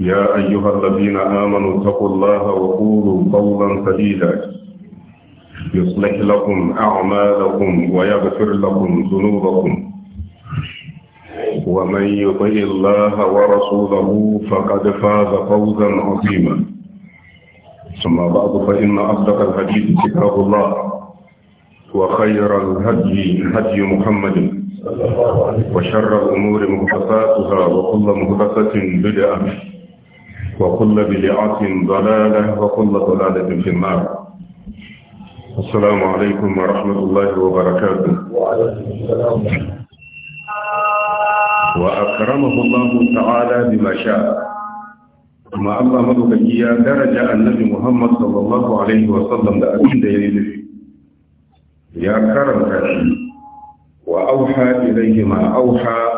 يا أيها الذين آمنوا اتقوا الله وقولوا قولا سديدا يصلح لكم أعمالكم ويغفر لكم ذنوبكم ومن يطع الله ورسوله فقد فاز فوزا عظيما ثم بعد فإن أصدق الحديث كتاب الله وخير الهدي هدي محمد وشر الأمور محدثاتها وكل محدثة بدعة وكل بدعة ضلالة وكل ضلالة في النار السلام عليكم ورحمة الله وبركاته وأكرمه الله تعالى بما شاء ما الله مدوكي درجة النبي محمد صلى الله عليه وسلم لأبين دينه يا كرم وأوحى إليه ما أوحى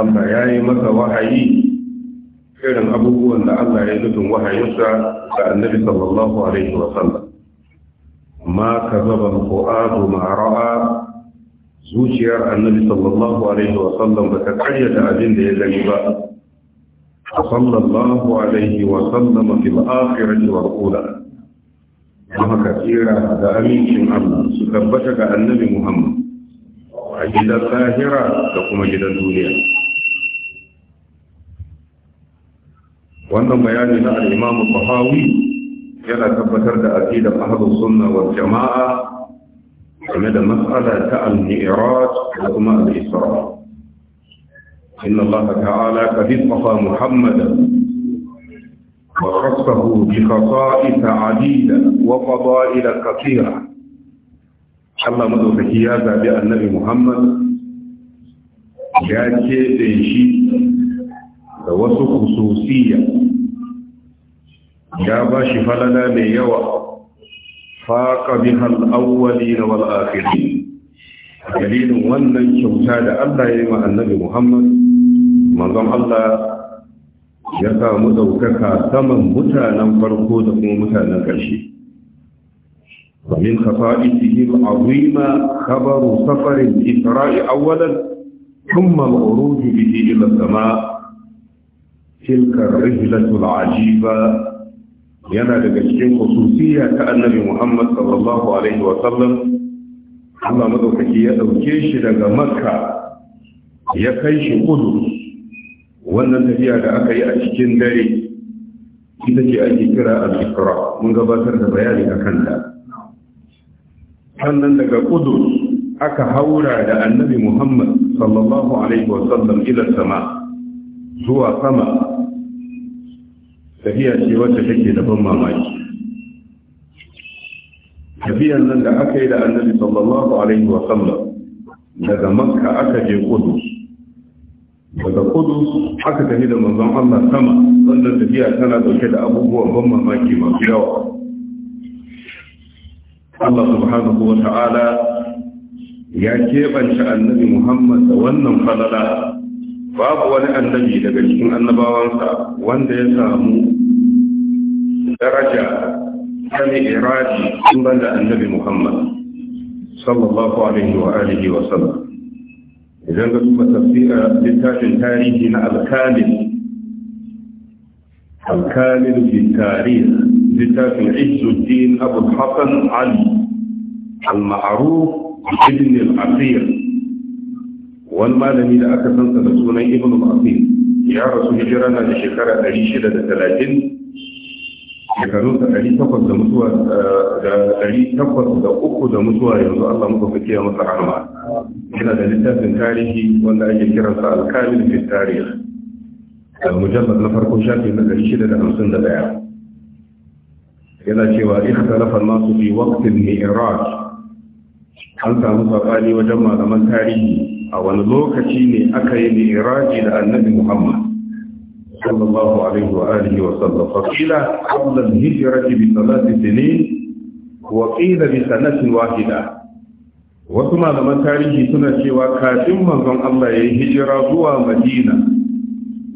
أما يا مدى وحيي irin abubuwan da Allah ya nufin wahayinsa ga annabi sallallahu alaihi wa sallam ma kazaba al-fu'adu ma ra'a zuciyar annabi sallallahu alaihi wa sallam ba ta karyata abin da ya gani ba sallallahu alaihi wa sallam fil akhirati wal ula haka tsira da amincin Allah su tabbata ga annabi Muhammad a gidan lahira da kuma gidan duniya wannan bayani na al-imam Bukhari yana tabbatar da aqidar ahlus sunna wal jama'a game da mas'ala ta al-mi'raj da kuma al-isra Inna Allah ta'ala إن الله تعالى wa khassahu bi khasa'is 'adida wa fadail katira. Allah madaukaki ya zabi annabi Muhammad ya ce da shi da wasu khususiyya ya ba shi falala mai yawa faƙa bihal awwali na wal'afiri dalilin wannan kyauta da Allah ya yi ma annabi Muhammad manzon Allah ya samu ɗaukaka saman mutanen farko da kuma mutanen ƙarshe ومن خصائصه العظيمة خبر سفر الإسراء أولا ثم الخروج به إلى السماء تلك الرحلة العجيبة yana daga cikin kususiya ta annabi Muhammad sallallahu alaihi wa sallam Allah madaukaki ya dauke shi daga Makka ya kai shi Kudu wannan tafiya da aka yi a cikin dare ita ce ake kira al-Isra mun gabatar da bayani a kanta. sannan daga Kudu aka haura da annabi Muhammad sallallahu alaihi wa sallam ila sama zuwa sama tafiya ce wacce take da ban mamaki tafiyan nan da aka yi da annabi sallallahu alaihi wa sallam daga makka aka je kudu. daga kudu, aka tafi da manzon Allah sama wannan tafiya tana dauke da abubuwan ban mamaki masu yawa Allah subhanahu wa ta'ala ya keɓance annabi Muhammad da wannan falala babu wani annabi daga cikin annabawansa wanda ya samu daraja ta mi'raji in da annabi Muhammad sallallahu alaihi wa alihi wa sallam idan ga duba tafsira littafin tarihi na al-kamil al-kamil fi littafin Izzuddin Abu Hassan Ali al-ma'ruf ibn al-Asir wani malami da aka sansa da sunan ibn al ya rasu hijira na da shekara 630 shekarunsa ɗari takwas da mutuwa eh, da ɗari takwas da uku da mutuwa yanzu Allah muka fi masa rahama yana da littafin tarihi wanda ake kiransa alkalin fi tarih mujallar na farko shafi na ɗari shida da hamsin da ɗaya yana cewa ikhtalafan masu fi waqtin mi'raj an samu sabani wajen malaman tarihi a wani lokaci ne aka yi mi'raji da annabi Muhammad sallallahu alaihi wa alihi wa sallam fa qila qabla al-hijrati bi thalathi sinin wa qila bi sanatin wahida wasu malaman tarihi suna cewa kafin manzon Allah ya yi hijira zuwa Madina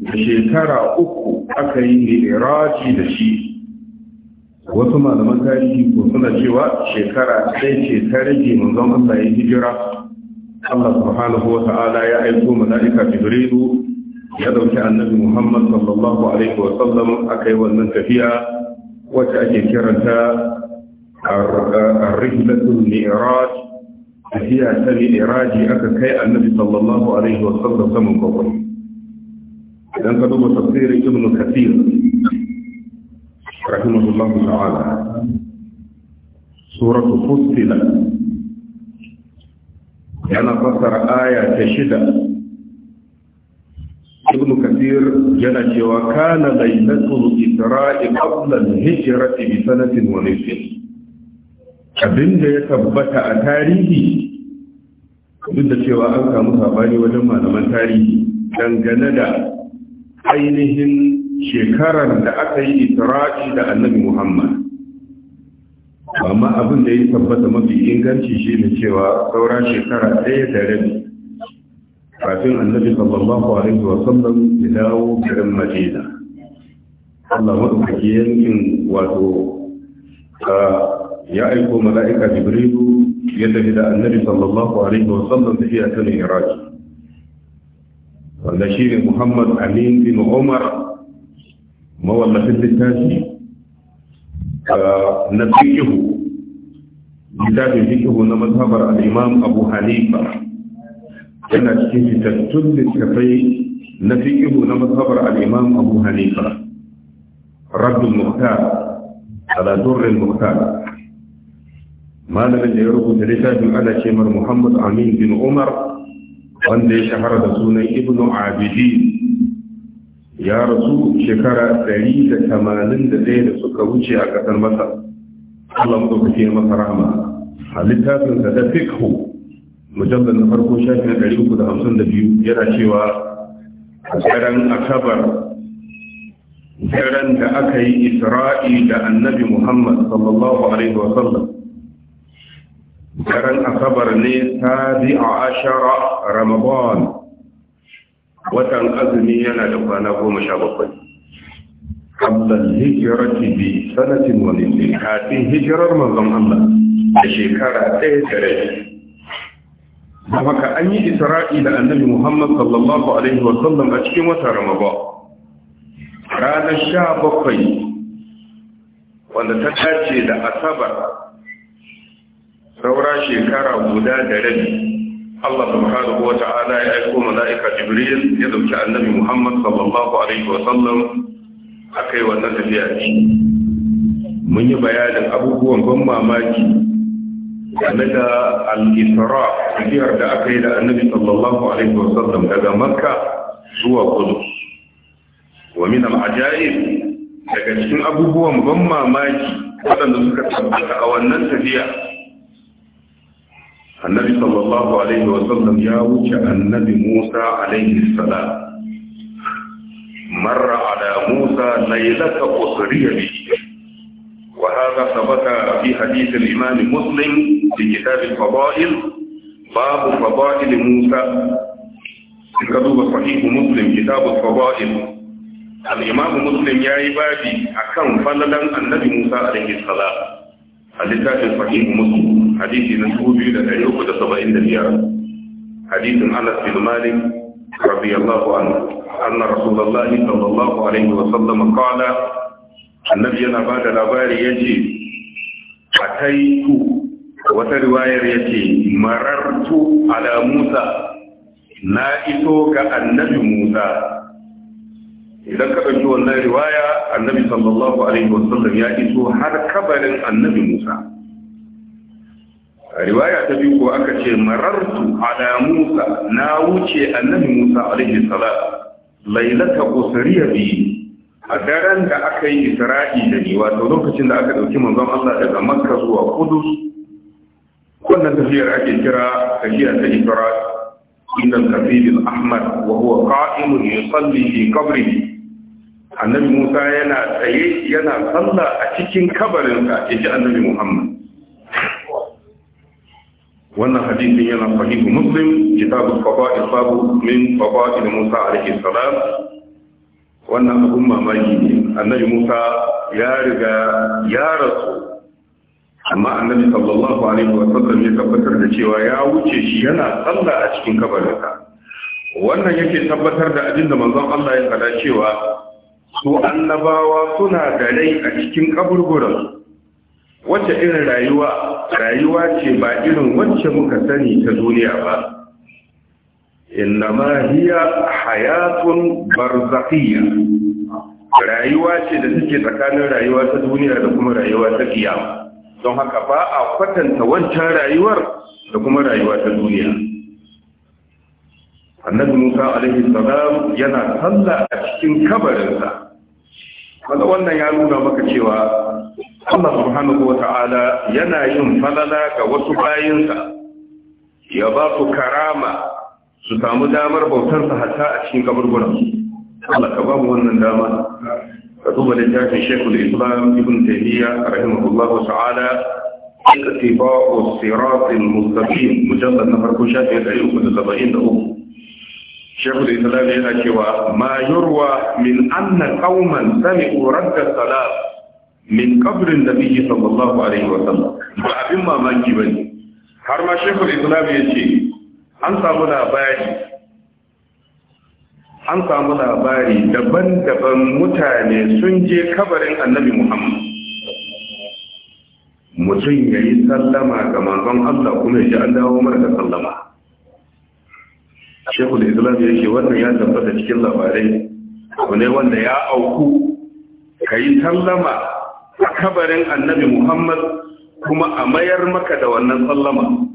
da shekara uku aka yi mi'raji da shi wasu malaman tarihi ko suna cewa shekara ɗaya ce ta rage manzon Allah ya yi hijira الله سبحانه وتعالى يا أيها الملائكة جبريل يدعو النبي محمد صلى الله عليه وسلم أكي ومن تفيا وتأتي كرنتا الرحلة المئراج هي سمي إراج أكي النبي صلى الله عليه وسلم سمو قبر إذن قدوم تفسير ابن كثير رحمه الله تعالى سورة فصلت yana fassara aya ta shida ibn kasir yana cewa kana lailatul isra'i qabla al-hijrati bi sanatin wa nisfin abinda ya tabbata a tarihi duk da cewa an samu sabani wajen malaman tarihi dangane da ainihin shekarar da aka yi isra'i da annabi muhammad amma abin da ya tabbata mafi inganci shi ne cewa saura shekara ɗaya da rabi kafin annabi sallallahu alaihi wa sallam ya dawo garin madina Allah maɗaukaki yankin wato ya aiko mala'ika jibrilu ya tafi da annabi sallallahu alaihi wa sallam tafiya a ne iraki wanda shi ne muhammad amin bin umar mawallafin littafi na fiqhu kitabin fiqhu na mazhabar al-Imam Abu Hanifa yana cikin fitattun littafai na fiqhu na mazhabar al-Imam Abu Hanifa Raddul Muhtar ala Durrul Muhtar malamin da ya rubuta littafin ana cemar Muhammad Amin bin Umar wanda ya shahara da sunan Ibnu Abidin ya rasu shekara 181 da suka wuce a ƙasar masar Allah maɗaukaki masa rahama a littafinsa da fikhu mujallar na farko shafi na 352 yana cewa a tseren asabar tseren da aka yi isra'i da annabi muhammad sallallahu alaihi wasallam tseren asabar ne ta a ashara ramadan watan azumi yana da kwana goma sha bakwai kablan hijirati bi sanatin wani, nisin kafin hijirar manzon Allah da shekara ɗaya da rai da maka an yi isra'i da annabi Muhammad sallallahu alaihi wa sallam a cikin wata Ramadan ranar sha bakwai wanda ta dace da asabar saura shekara guda da rabi Allah subhanahu wa ta'ala ya aiko mala'ika Jibril ya dauki Annabi Muhammad sallallahu alaihi wa sallam akai wannan tafiya ne mun yi bayanin abubuwan ban mamaki game da al tafiyar da aka yi da Annabi sallallahu alaihi wa sallam daga Makka zuwa Qudus wa min al daga cikin abubuwan ban mamaki waɗanda suka tabbata a wannan tafiya النبي صلى الله عليه وسلم wuce annabi musa alaihi salam marra ala musa lailata usriya bihi وهذا ثبت في حديث الإمام مسلم في كتاب الفضائل باب فضائل موسى كتب صحيح مسلم كتاب الفضائل الإمام مسلم يا عبادي أكرم فللا النبي موسى عليه السلام الكتاب صحيح مسلم hadisi na dubu biyu da ɗari uku da saba'in da biyar hadisin anas bin malik رضي الله عنه أن رسول الله صلى الله عليه وسلم قال النبي بعد الأبار يجي أتيت وترواية يجي مررت على موسى نائتوك النبي موسى idan ka ɗauki wannan riwaya annabi sallallahu alaihi wasallam ya iso har kabarin annabi musa riwaya ta biyu ko aka ce marartu ala Musa na wuce annabi Musa alaihi salam lailata usriya bi a daren da aka yi Isra'i da ni wato lokacin da aka dauki manzon Allah daga Makka zuwa Qudus wannan tafiyar ake kira tafiya ta Isra'i inda al ahmad wa huwa qa'imun yusalli fi qabrihi annabi Musa yana tsaye yana sallah a cikin kabarinsa yaji annabi Muhammad wannan hadisin yana sahihu muslim kitabu fada'il babu min fada'il musa alaihi salam wannan abun mamaki ne annabi musa ya riga ya rasu amma annabi sallallahu alaihi wa sallam ya tabbatar da cewa ya wuce shi yana tsalla a cikin kabarinsa wannan yake tabbatar da abinda da manzon Allah ya faɗa cewa su annabawa suna da rai a cikin kaburburan wacce irin rayuwa rayuwa ce ba irin wacce muka sani ta duniya ba innama hiya hayatun barzakhiyya rayuwa ce da take tsakanin rayuwa ta duniya da kuma rayuwa ta kiyama don haka ba a kwatanta wancan rayuwar da kuma rayuwa ta duniya annabi musa alaihi salam yana sallah a cikin kabarinsa wannan ya nuna maka cewa Allah subhanahu wa yana yin falala ga wasu bayinsa ya ba su karama su samu damar bautarsa hatta a cikin kaburburansu Allah ka ba mu wannan dama ka duba littafin Sheikhul Islam Ibn Taymiyyah rahimahullahu ta'ala اتباع الصراط المستقيم مجلد نفر كل شافي الأيوم السبعين دقوق شيخ الإسلام هنا شوى ما يروى من أن قوما سمعوا min kabrin nabiyyi sallallahu alaihi wa sallam ba abin mamaki bane har ma shekul islam ya ce an samu labari an samu labari daban-daban mutane sun je kabarin annabi muhammad mutum ya yi sallama ga manzon allah kuma ya ji an dawo mara da sallama shekul islam ya ce wannan ya tabbata cikin labarai abu ne wanda ya auku ka yi sallama a kabarin annabi Muhammad kuma a mayar maka da wannan sallama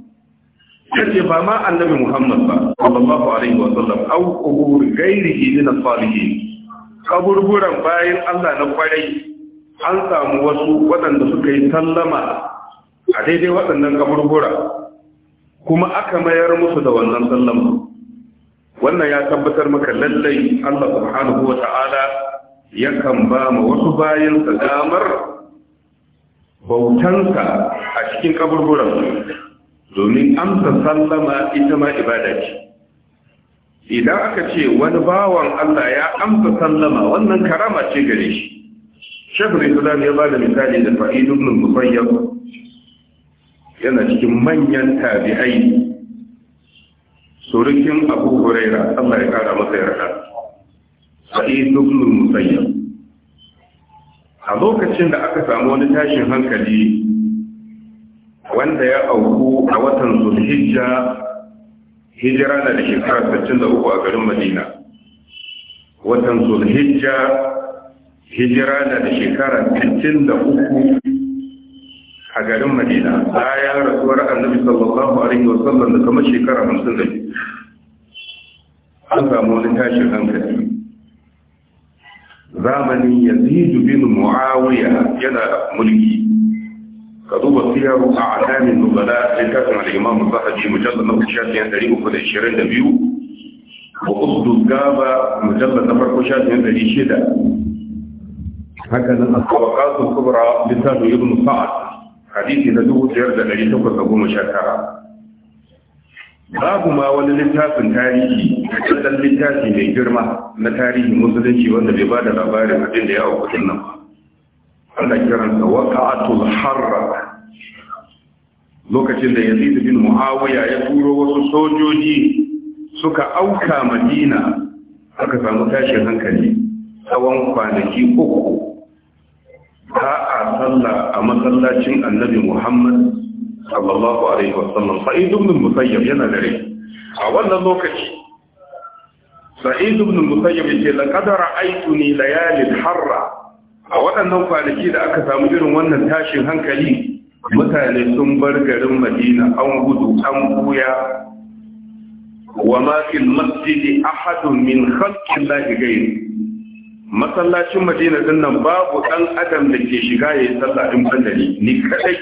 yace ba ma annabi Muhammad ba sallallahu alaihi wa au qubur ghairihi min as-salihin kaburburan bayin Allah na kwarai an samu wasu waɗanda suka yi sallama a daidai waɗannan kaburbura kuma aka mayar musu da wannan sallama wannan ya tabbatar maka lallai Allah subhanahu wa ta'ala yakan ba ma wasu bayin damar bautanka a cikin kaburburan domin amsa sallama ita ma ibada ce idan aka ce wani bawan Allah ya amsa sallama wannan karama ce gare shi shekul islam ya ba da misali da fa'idun musayyab yana cikin manyan tabi'ai surukin abu huraira Allah ya kara masa yarda fa'idun musayyab a lokacin da aka samu wani tashin hankali wanda ya auku a watan zulhijja hijira na da shekara 63 a garin madina watan zulhijja hijira na da shekara 63 a garin madina bayan rasuwar annabi sallallahu alaihi wasallam da kamar shekara 50 an samu wani tashin hankali zamanin yazid bin muawiya yana mulki ka duba siyaru a alamin nubala littafin al'imam zahabi mujallar na shafin ɗari uku da ishirin da biyu ba usdu gaba mujallar na farko shafin ɗari shida haka nan asabakatun kubra littafin ibn sa'ad hadisi na dubu biyar da ɗari takwas da goma sha tara babu ma wani littafin tarihi ɗan littafi mai girma na tarihi musulunci wanda bai ba da labarin abin da ya wa kudin nan ana kiransa waqa'atul harra lokacin da yazid bin muhawaya ya turo wasu sojoji suka auka madina aka samu tashin hankali tsawon kwanaki uku ba a sallah a masallacin annabi muhammad sallallahu alaihi wasallam sa'id ibn musayyab yana dare. a wannan lokaci sa'id ibn musayyab yace laqad ra'aytuni layalil harra a waɗannan kwanaki da aka samu irin wannan tashin hankali mutane sun bar garin madina an gudu an buya wa ma fil masjidi ahadun min khalqillahi ghayr masallacin madina din nan babu dan adam da ke shiga yayin sallah din ban bandani ni kadai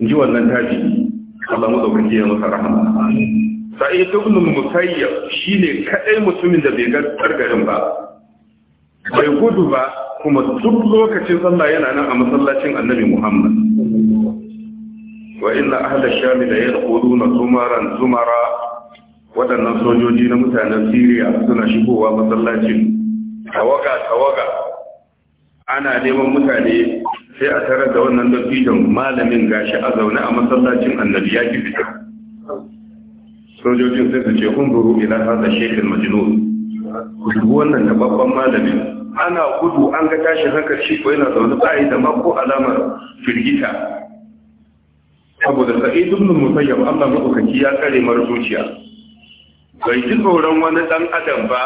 in ji wannan tafi Allah madaukaki ya masa rahama sa'id ibn musayyab shine kadai mutumin da bai ga gargarin ba bai gudu ba kuma duk lokacin sallah yana nan a masallacin annabi Muhammad wa inna ahla sham la yadkhuluna zumaran zumara waɗannan sojoji na mutanen Syria suna shigowa masallacin tawaga tawaga ana neman mutane sai a tarar da wannan dattijon malamin gashi a zaune a masallacin annabi ya ki fita sojojin sai su ce unzuru ila hada shekin majnun ku wannan da babban malamin ana gudu an ga tashi hankali shi ko yana zaune bai da ma ko alamar firgita saboda sa'id ibn musayyab Allah madaukaki ya kare mara zuciya bai ji tsoron wani dan adam ba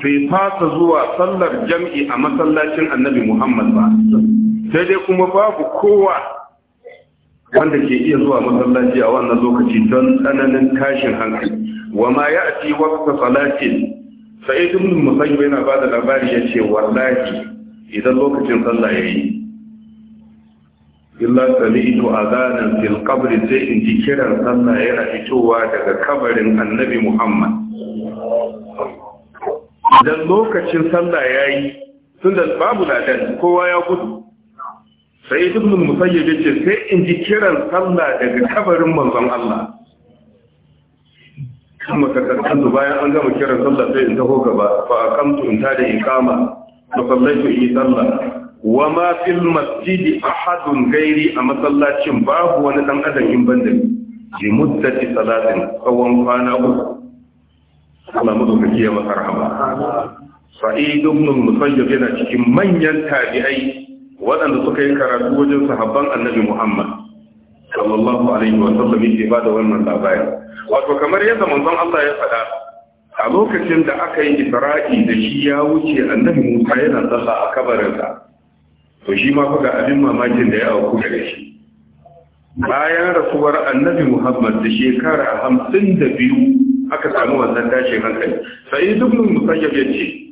bai fasa zuwa sallar jam'i a masallacin annabi Muhammad ba sai dai kuma babu kowa wanda ke iya zuwa masallaci a wannan lokaci don tsananin tashin hankali wa ma ya ci wata salatin sai ibn musayyib yana bada labari ya ce wallahi idan lokacin sallah yayi illa sami'tu adhanan fil qabr sai in ji kiran sallah yana fitowa daga kabarin annabi Muhammad idan lokacin sallah yayi tunda babu ladan kowa ya gudu sai ibn musayyib yace sai in ji kiran sallah daga kabarin manzon Allah kuma kakkan bayan an gama kiran sallah sai in taho gaba fa aqamtu in tada iqama fa sallaitu yi sallah wa ma fil masjid ahadun gairi a masallacin babu wani dan adam in banda ji muddati salatin tsawon kwana uku Allah madaukaki ya masa rahama sa'id ibn musayyib yana cikin manyan tabi'ai waɗanda suka yi karatu wajen sahabban annabi Muhammad sallallahu alaihi wa sallam yake ba da wannan labarin wato kamar yadda manzon Allah ya faɗa a lokacin da aka yi Isra'i da shi ya wuce annabi Musa yana tsalla a kabarinsa to shi ma kuka abin mamakin da ya auku da shi bayan rasuwar annabi Muhammad da shekara hamsin da aka samu wannan tashin hankali sai ibn Musayyab yace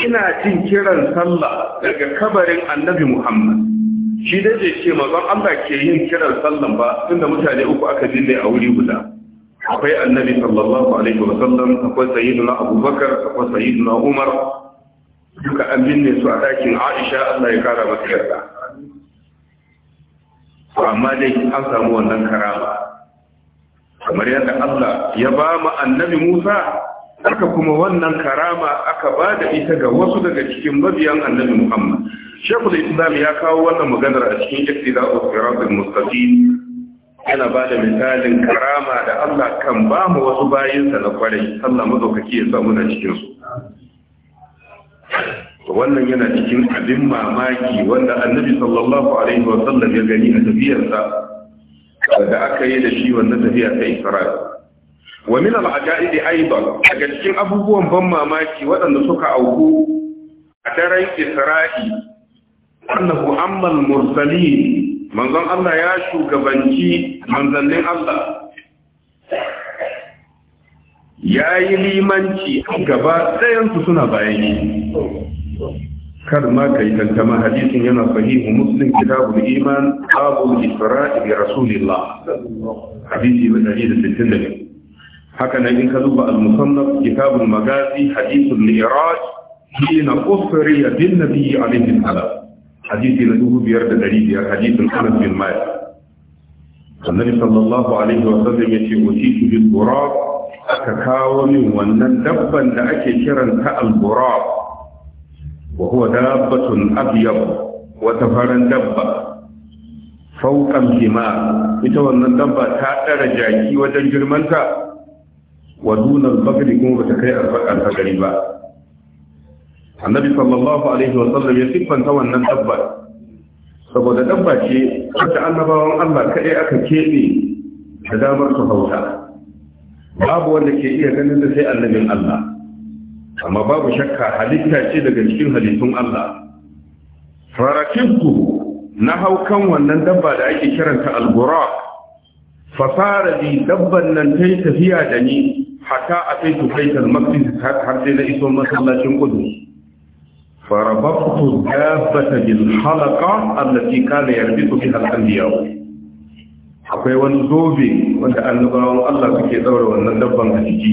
ina jin kiran sallah daga kabarin annabi Muhammad shi da zai ce mazan Allah ke yin kiran sallan ba tunda mutane uku aka jinde a wuri guda akwai annabi sallallahu alaihi wa sallam akwai sayyiduna abubakar akwai sayyiduna umar duka an binne su a ɗakin aisha Allah ya kara masa yarda to amma dai an samu wannan karama kamar yadda Allah ya ba mu annabi Musa haka kuma wannan karama aka ba da ita ga wasu daga cikin mabiyan annabi Muhammad Sheikhul Islam ya kawo wannan maganar a cikin Iqtida'u Siratal Mustaqim yana ba da misalin karama da Allah kan ba mu wasu bayinsa na kwarai Allah mazaukaki ya samu na cikin wannan yana cikin abin mamaki wanda annabi sallallahu alaihi wa sallam ya gani a tafiyarsa da aka yi da shi wannan tafiya ta Isra'il wa min al-ajaibi aidan daga cikin abubuwan ban mamaki waɗanda suka auku a daren Isra'i annahu amma mursalin manzon Allah ya shugabanci manzannin Allah ya yi limanci gaba ɗayansu suna bayan yi kar ma ka yi tantama hadisin yana sahihu muslim kitabul iman babul isra'i bi rasulillah hadisi da 165 haka nan in ka duba al-musannaf kitabul magazi hadithul mi'raj hina usriya bin nabi alaihi salam hadisi na dubu biyar da ɗari biyar hadisin anas bin malik annabi sallallahu alaihi wa sallam yace utitu bil buraq aka kawo min wannan dabban da ake kiranta al buraq wa huwa dabbatun abyad wata faran dabba fauƙan hima ita wannan dabba ta ɗara jaki wajen girmanta wa dunan bakari kuma bata kai alfakari ba annabi sallallahu alaihi wa sallam ya siffanta wannan dabba saboda dabba ce wacce annabawan Allah kaɗai aka keɓe da damar su hauta babu wanda ke iya ganin da sai annabin Allah amma babu shakka halitta ce daga cikin halittun Allah Farakinku, na hau kan wannan dabba da ake kiranta al-buraq fasara bi dabban nan tai tafiya da ni hatta a kai su kai masjid har sai na iso masallacin kudu farabaktu dabbata bil halaqa allati kana yarbitu biha al anbiya akwai wani zobe wanda annabawan Allah suke daura wannan dabban a jiki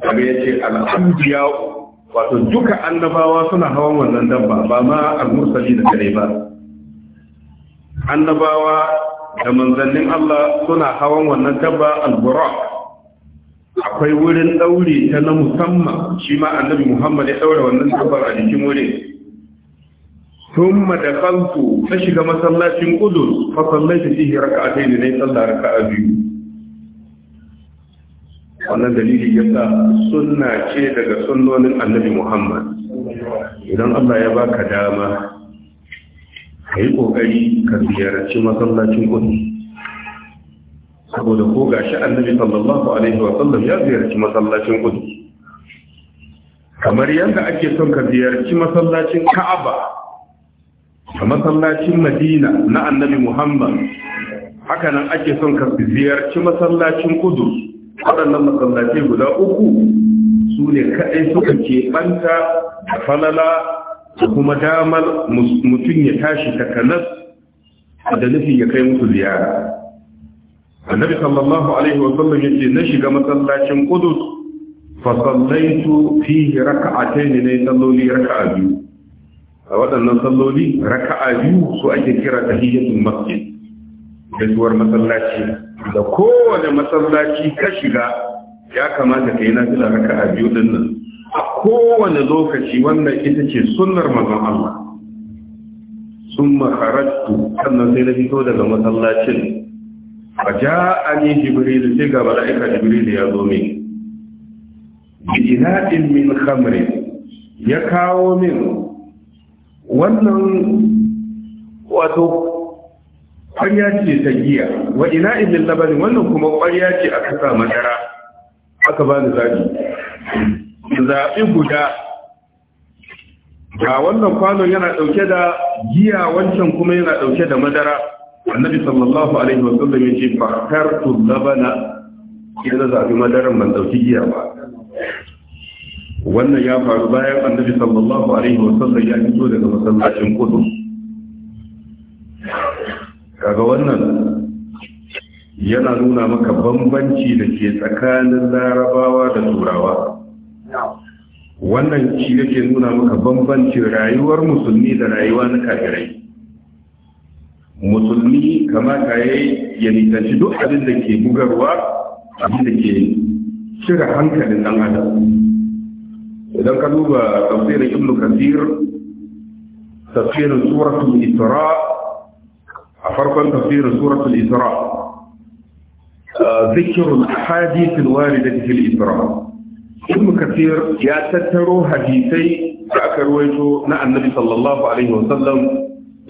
kaga yace al anbiya wato duka annabawa suna hawan wannan dabba ba ma al mursali da kare ba annabawa da manzannin Allah suna hawan wannan dabba al buraq akwai wurin ɗaure ta na musamman shi ma annabi muhammad ya ɗaure wannan dabbar a jikin wurin da ثم دخلت فشك مسلاة قدس فصليت فيه ركعتين لي صلى a biyu. wannan dalili ya sa sunna ce daga sunnonin annabi Muhammad idan Allah ya baka dama ka yi ƙoƙari ka ziyarci masallacin kudu saboda ko ga shi annabi sallallahu alaihi wa sallam ya ziyarci masallacin Qudus kamar yadda ake son ka ziyarci masallacin Ka'aba da masallacin Madina na annabi Muhammad haka nan ake son ka ziyarci masallacin Qudus waɗannan masallaci guda uku su ne kaɗai suka keɓanta da falala da kuma damar mutum ya tashi takanas da nufin ya kai musu ziyara annabi sallallahu alaihi wa sallam yace na shiga masallacin qudus fa sallaitu fihi raka'atayn ne salloli raka'a biyu a waɗannan salloli raka'a biyu su ake kira tahiyatul masjid gaisuwar masallaci da kowane masallaci ka shiga ya kamata ka yi nafila raka'a biyu din a kowane lokaci wannan ita ce sunnar manzon Allah summa kharajtu sannan sai na fito daga masallacin a ani jibril sai ga mala'ika jibril ya zo min bi ina'in min khamri ya kawo min wannan wato ƙwarya ce ta giya wa ina'in min labarin wannan kuma ƙwarya ce aka sa madara aka ba ni zaɓi zaɓi guda ga wannan kwanon yana ɗauke da giya wancan kuma yana ɗauke da madara annabi sallallahu alaihi wasallam ya ce bakartu labana idan zabi madaran ban dauki giya ba wannan ya faru bayan annabi sallallahu alaihi wasallam ya fito daga masallacin kudu kaga wannan yana nuna maka bambanci da ke tsakanin larabawa da turawa wannan shi yake nuna maka bambancin rayuwar musulmi da rayuwa na kafirai musulmi kamata ya yi nisanci duk abin da ke bugarwa abin da ke cire hankalin ɗan adam idan ka duba tafsirin ibn kasir tafsirin suratul isra a farkon tafsirin suratul isra zikirun ahadithul waridati fil isra ibn kasir ya tattaro hadisai da aka ruwaito na annabi sallallahu alaihi wasallam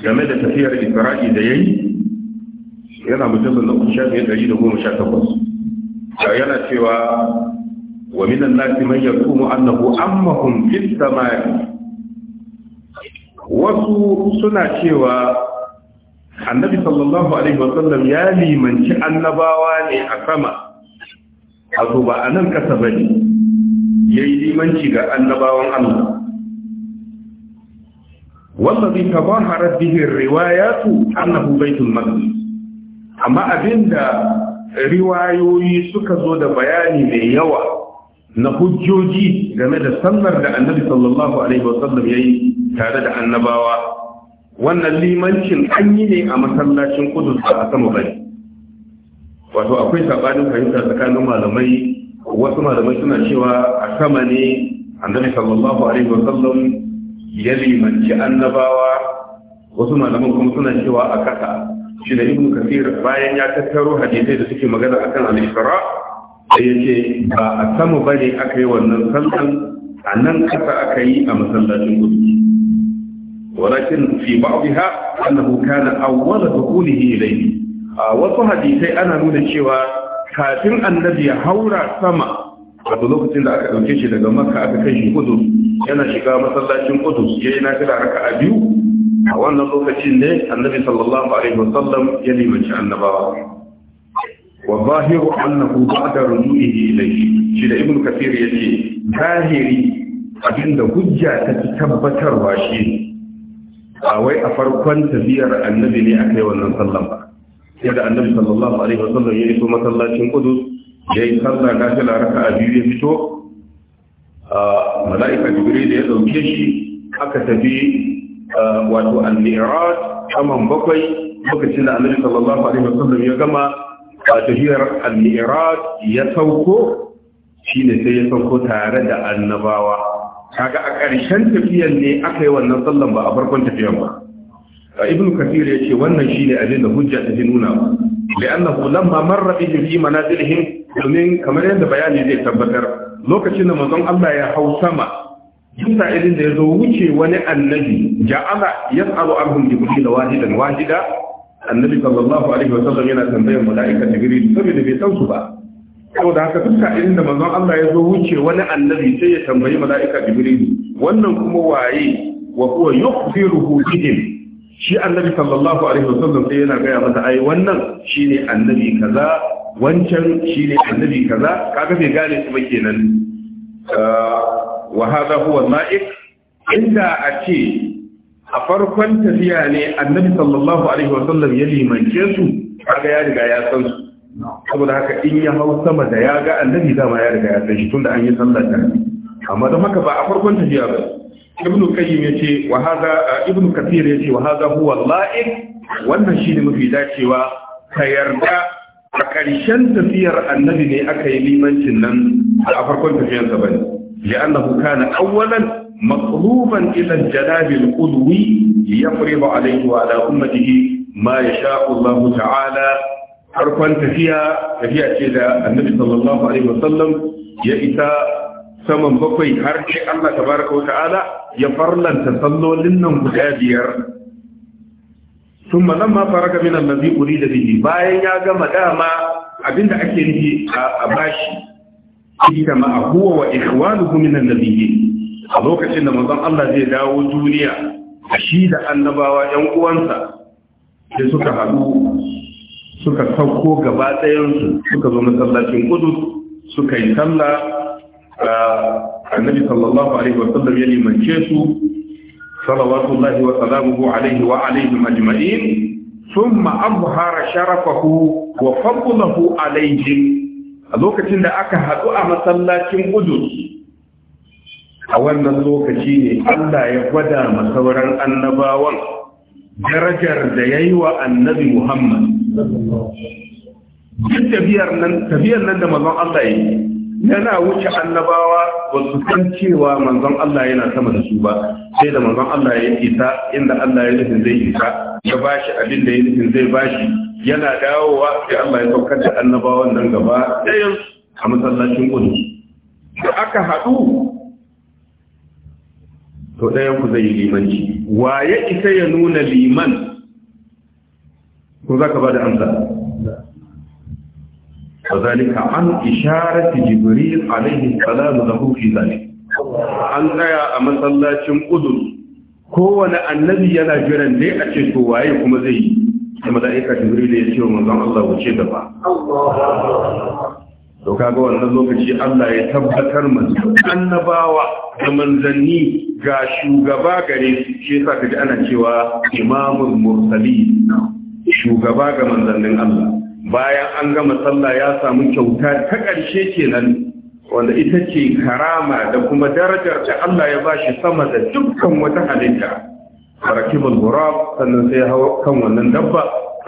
game da tafiyar isra'i da ya yi, yana mutum da uku shafi ɗari da goma sha takwas yana cewa wa minan nasi man yaqumu annahu ammahum fis samai wasu suna cewa annabi sallallahu alaihi wasallam ya limanci annabawa ne a sama a ba a nan kasa bane yayi limanci ga annabawan Allah wallazi tabaharat bihi riwayatu annahu baitul maqdis amma abinda riwayoyi suka zo da bayani mai yawa na hujjoji game da sallar da annabi sallallahu alaihi wasallam yayi tare da annabawa wannan limancin an yi ne a masallacin kudus ba a sama bane wato akwai sabanin fahimta tsakanin malamai wasu malamai suna cewa a sama ne annabi sallallahu alaihi wasallam ya limanci annabawa wasu malaman kuma suna cewa a kasa shi da ibn bayan ya tattaro hadisai da suke magana akan al-isra da yace ba a sama bane aka yi wannan sallan a nan kasa aka yi a masallacin gudu ولكن في بعضها أنه كان أول دخوله A wasu hadisai ana nuna cewa kafin annabi ya haura sama a lokacin da aka ɗauke shi daga makka aka kai shi kudu yana shiga masallacin Qudus yayi nafila a biyu a wannan lokacin ne annabi sallallahu alaihi wasallam ya limanci annabawa wa zahiru annahu ba'da rujuihi ilayhi shi da ibnu kathir yace zahiri abinda hujja ta tabbatarwa shi A wai a farkon tafiyar annabi ne akai wannan sallan ba da annabi sallallahu alaihi wasallam ya iso masallacin Ya yayi sallah nafila a biyu ya fito mala'ika jibril ya dauke shi aka tafi wato al-mi'raj kaman bakwai lokacin da annabi sallallahu alaihi wasallam ya gama tafiyar al-mi'raj ya sauko shine sai ya sauko tare da annabawa kaga a ƙarshen tafiyar ne aka yi wannan sallan ba a farkon tafiyar ba ibnu kathir ya ce wannan shine abin da hujja ta nuna ba li'annahu lamma marra bihi fi manazilihim domin kamar yadda bayani zai tabbatar lokacin da manzon Allah ya hau sama duk sa'ilin da ya zo wuce wani annabi ja'ala yas'alu anhum jibril wahidan wahida annabi sallallahu alaihi wasallam yana tambayar mala'ika jibril saboda bai san su ba saboda haka duk sa'ilin da manzon Allah ya zo wuce wani annabi sai ya tambayi mala'ika jibril wannan kuma waye wa huwa yukhbiruhu bihim shi annabi sallallahu alaihi wasallam sai yana gaya mata ai wannan shine annabi kaza wancan shine annabi kaza kaga bai gane kuma kenan ah, wa hadha huwa inda a ce a farkon tafiya ne annabi sallallahu alaihi wasallam ya limance su kaga ya riga ya san su saboda haka in ya hau sama da ya ga annabi dama ya riga ya san shi tunda an yi sallar tare amma don haka ba a farkon tafiya ba ibn qayyim yace wa hada eh, ibn kathir yace wa hada huwa la'iq wannan shine mafi dacewa ka yarda a ƙarshen tafiyar annabi ne aka yi limancin nan a farkon tafiyarsa bane li'annahu kana awwalan maqruban ila al-jalab al-qudwi liyafriḍ alayhi wa ala ummatihi ma yasha'u Allah ta'ala farkon tafiya tafiya ce da annabi sallallahu alaihi sallam ya isa saman bakwai har sai Allah baraka wata'ala ya farlanta sallolin nan guda biyar thumma lamma faraka min allazi da bihi bayan ya gama dama abinda ake nufi a bashi kika ma huwa wa ikhwanuhu min annabiyyin a lokacin da manzon Allah zai dawo duniya shi da annabawa ɗan uwansa sai suka haɗu suka sauko gaba su suka zo masallacin kudu suka yi sallah annabi sallallahu alaihi wa sallam ya limance su salawatullahi wa salamuhu alaihi wa alaihim ajma'in thumma azhara sharafahu wa fadlahu alaihi. a lokacin da aka hadu a masallacin Qudus a wannan lokaci ne Allah ya gwada masauran annabawan darajar da yayi wa annabi Muhammad duk tafiyar nan tafiyar nan da manzon Allah yake yana wuce annabawa ba su san cewa manzon Allah yana sama da su ba sai da manzon Allah ya isa inda Allah ya nufin zai isa ya bashi abin da ya nufin zai bashi yana dawowa sai Allah ya saukar da annabawan nan gaba ɗayan a masallacin kudu da aka haɗu to ɗayan ku zai limanci wa ya isa ya nuna liman ko za ka ba da amsa وذلك عن إشارة جبريل عليه السلام له في ذلك an tsaya a masallacin udus kowane annabi yana jiran dai a ce to waye kuma zai yi da mala'ika jibril ya ce wa manzon Allah wuce gaba to kaga wannan lokaci Allah ya tabbatar masa annabawa da manzanni ga shugaba gare su shi yasa kaji ana cewa imamul mursali shugaba ga manzannin Allah bayan an gama sallah ya samu kyauta ta ƙarshe kenan wanda ita ce karama da kuma darajar da Allah ya bashi sama da dukkan wata halitta rakibul burab sannan sai hawa kan wannan dabba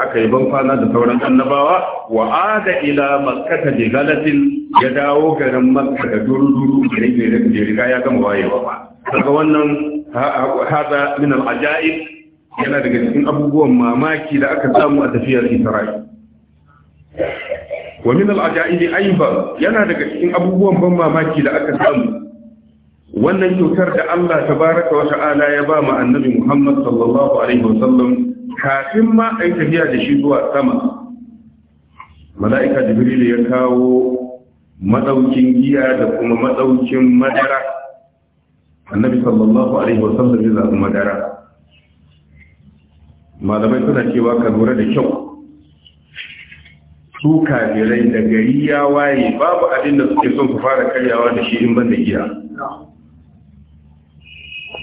aka yi bankwana da sauran annabawa wa ada ila makkata bi galatin ya dawo garin makka da duruduru da riga ya gama wayewa ba daga wannan hada min al ajaib yana daga cikin abubuwan mamaki da aka samu a tafiyar Isra'il wa min al yana daga cikin abubuwan ban mamaki da aka samu wannan kyautar da Allah baraka wa ta'ala ya ba mu annabi Muhammad sallallahu alaihi wasallam kafin ma ai tafiya da shi zuwa sama mala'ika jibril ya kawo madaukin giya da kuma madaukin madara annabi sallallahu alaihi wasallam ya zaɓi madara malamai suna cewa ka lura da kyau su kafirai da gari ya waye babu abin da suke son su fara karyawa da shi in ban da giya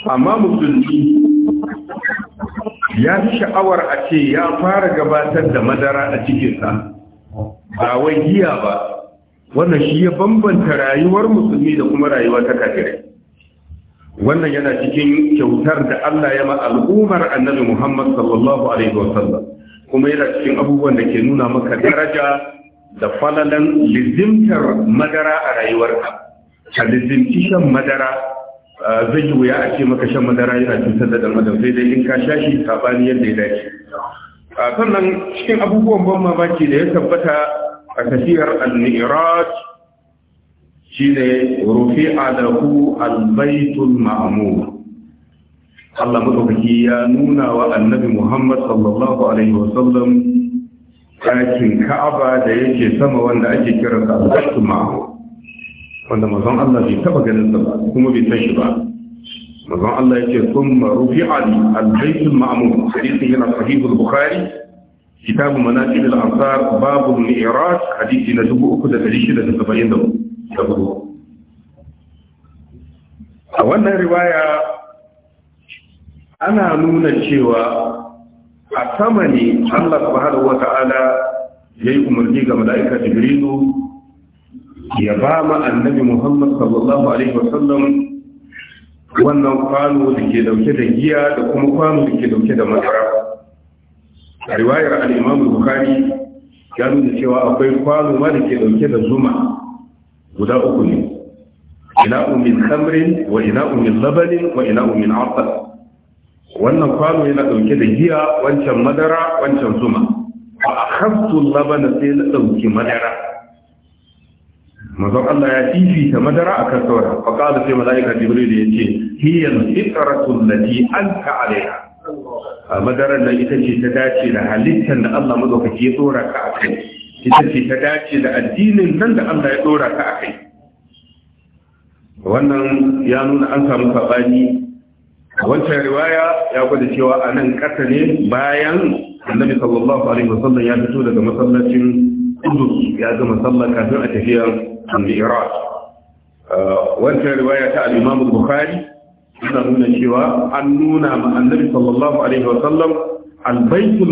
amma musulmi ya fi sha'awar a ce ya fara gabatar da madara a cikinsa ba wai giya ba wannan shi ya bambanta rayuwar musulmi da kuma rayuwa ta kafirai wannan yana cikin kyautar da Allah ya ma al'ummar annabi Muhammad sallallahu alaihi wasallam kuma yana cikin abubuwan da ke nuna maka daraja da falalan lizimtar madara a rayuwarka ka lizimci shan madara zai yi wuya a ce maka shan madara yana cutar da dalmadar sai dai in ka sha shi sabani yadda ya dace sannan cikin abubuwan ban mamaki da ya tabbata a tafiyar al-mi'raj shine rufi'a lahu al-baitul ma'mur Allah maɗaukaki ya nuna wa annabi Muhammad sallallahu alaihi wasallam ɗakin Ka'aba da yake sama wanda ake kira sa al-Asma wanda mazan Allah bai taɓa ganin sa ba kuma bai san shi ba manzon Allah yake thumma rufi'a al-bayt al-ma'mur hadisi yana sahih al-Bukhari kitab manaqib al-ansar bab al-mi'raj hadisi na 3674 a wannan riwaya ana nuna cewa a sama ne Allah subhanahu wata'ala yayi umarni ga malaika Jibrilu ya ba ma annabi Muhammad sallallahu alaihi wasallam wannan kwano da ke dauke da giya da kuma kwano da ke dauke da madara a riwayar al-Imam Bukhari ya nuna cewa akwai kwano ma da ke dauke da zuma guda uku ne ina umin khamrin wa ina umin labanin wa ina umin asal wannan kwano yana ɗauke da giya wancan madara wancan zuma a akhadtu labana sai na ɗauki madara mazan Allah ya fifita madara akan saura fa qala sai malaika jibril ya ce hiya al-fitratu allati anta alaiha madarar nan ita ce ta dace da halittar da Allah madaukaki ya tsora ka kai. ita ce ta dace da addinin nan da Allah ya ɗora ka akai wannan ya nuna an samu saɓani a wancan riwaya ya gwada cewa a nan ƙasa ne bayan annabi sallallahu alaihi wasallam ya fito daga masallacin kudus ya ga masallar kafin a tafiyar al-iraq uh, wancan riwaya ta al Buhari bukhari nuna cewa an nuna ma annabi sallallahu alaihi wasallam al-baitul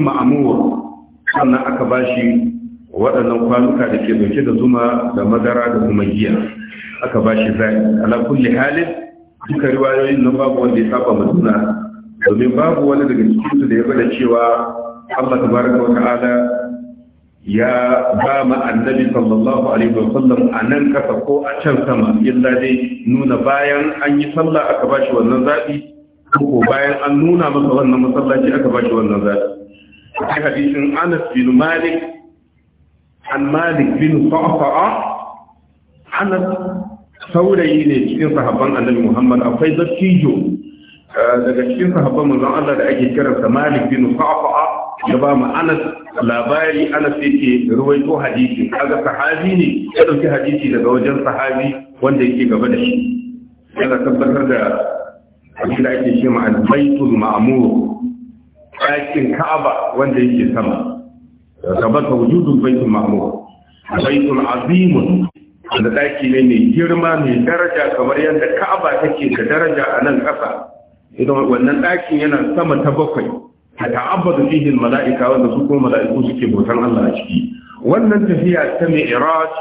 sannan aka bashi waɗannan kwanuka da ke dauke da zuma da madara da kuma giya aka bashi zai ala kulli halin duka riwayoyin nan babu wanda ya saba ma juna domin babu wani daga cikin su da ya bada cewa Allah tabaraka wa ta'ala ya ba ma annabi sallallahu alaihi wa sallam a nan kasa ko a can sama illa dai nuna bayan an yi sallah aka ba shi wannan zaɓi ko bayan an nuna masa wannan masallaci aka ba shi wannan zaɓi a hadisin Anas bin Malik an Malik bin Sa'fa'a Anas saurayi ne cikin sahabban annabi Muhammad akwai dattijo eh, daga cikin sahabban manzon Allah da ake kiransa Malik bin Sa'fa'a ya ba mu Anas labari Anas yake ruwaito hadisi kaga sahabi ne ya dauki hadisi daga wajen sahabi wanda yake gaba da shi yana tabbatar da abin da ake cewa al-baitul ma'mur ɗakin Ka'aba wanda yake sama tabbata wujudul baitul ma'mur baitul azimun wanda ɗaki ne mai girma mai daraja kamar yadda ka'aba take da daraja a nan ƙasa idan wannan ɗakin yana sama ta bakwai a ta'abbatu fihi mala'ika wanda su kuma mala'iku suke bautan Allah a ciki wannan tafiya ta mi'raj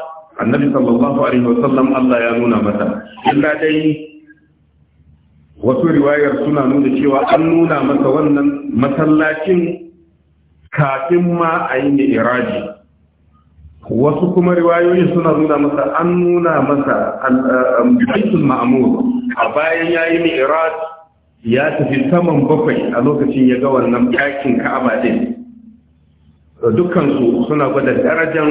annabi sallallahu alaihi wa sallam Allah ya nuna masa illa dai wasu riwayar suna nuna cewa an nuna masa wannan masallacin kafin ma a yi mi'raji wasu kuma riwayoyi suna nuna masa an nuna masa eh, um, baitul ma'mur a bayan yayi mi'raj ya tafi saman bakwai a lokacin ya ga wannan yakin ka'aba din dukkan suna gwada darajan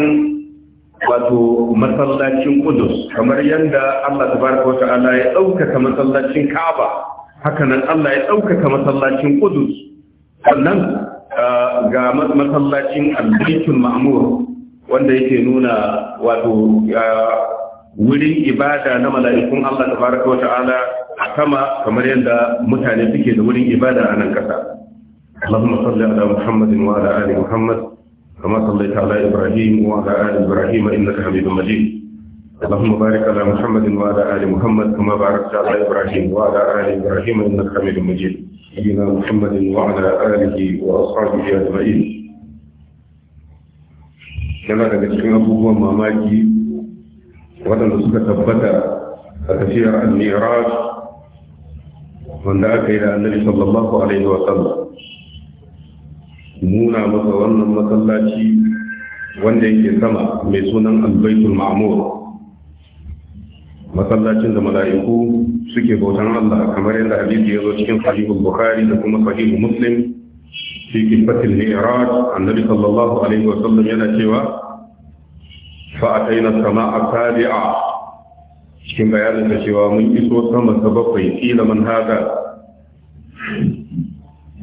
wato masallacin Qudus kamar yadda Allah tabaraka wa ta'ala ya ɗaukaka masallacin Kaaba haka nan Allah ya ɗaukaka masallacin Qudus sannan eh, ga masallacin Al-Baitul wanda yake nuna wato wurin ibada na mala'ikun Allah da baraka wata'ala a sama kamar yadda mutane suke da wurin ibada a nan kasa. Allahumma salli ala Muhammadin wa ala ali Muhammad kama sallaita ala Ibrahim wa ala ali Ibrahim innaka Hamidum Majid. Allahumma barik ala Muhammadin wa ala ali Muhammad kama barakta ala Ibrahim wa ala ali Ibrahim innaka Hamidum Majid. Sayyidina Muhammadin wa ala alihi wa ashabihi ajma'in. yana daga cikin abubuwan mamaki waɗanda suka tabbata a tafiyar al-mi'raj wanda aka yi da annabi sallallahu alaihi wa sallam muna masa wannan masallaci wanda yake sama mai sunan albaitul ma'mur masallacin da mala'iku suke bautan Allah kamar yadda hadisi ya zo cikin sahihul bukhari da kuma sahihul muslim في قصة المعراج النبي صلى الله عليه وسلم يلا شوى فأتينا السماء سابعة كما يلا شوى من إسوى السماء سبقي قيل من هذا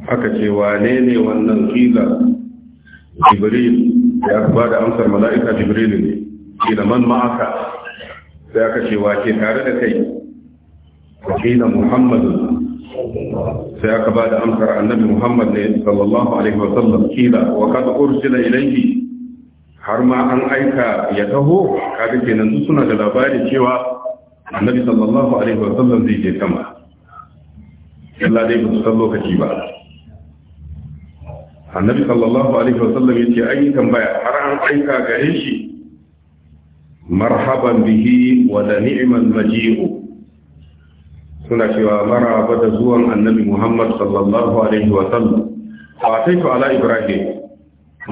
haka ce wane ne wannan kila jibril ya ba da amsar mala'ika jibril ne kila man ma'aka sai aka ke tare da kai kila muhammadu sai aka ba da amsar annabi Muhammad ne sallallahu alaihi wa sallam kila wa kad ursila ilayhi har ma an aika ya taho kaga kenan su suna da labari cewa annabi sallallahu alaihi wa sallam zai je sama Allah dai ba su san lokaci ba annabi sallallahu alaihi wa sallam yace an yi tambaya har an aika gare shi marhaban bihi wa da ni'mal maji'u suna cewa maraba da zuwan annabi Muhammad sallallahu alaihi wa sallam fataitu ala ibrahim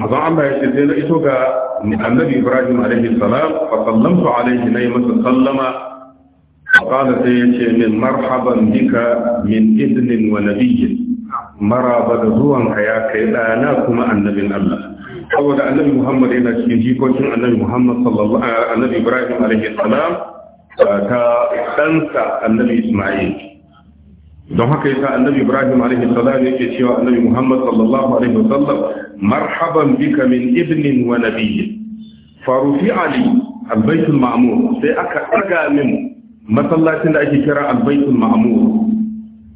mazan Allah ya ce zai na iso ga annabi ibrahim alaihi salam fa sallamtu alaihi nayi masa sallama fa sai ya ce min marhaban bika min idnin wa nabiyyin maraba da zuwan ka ya kai dana kuma annabin Allah saboda annabi Muhammad yana cikin jikokin annabi Muhammad sallallahu alaihi wa sallam. ta ɗansa annabi Ismail don haka yasa annabi Ibrahim alaihi salam yake cewa annabi Muhammad sallallahu alaihi wasallam marhaban bika min ibnin wa nabiyyin farufi ali albaitul ma'mur sai aka ɗaga min masallacin da ake kira albaitul ma'mur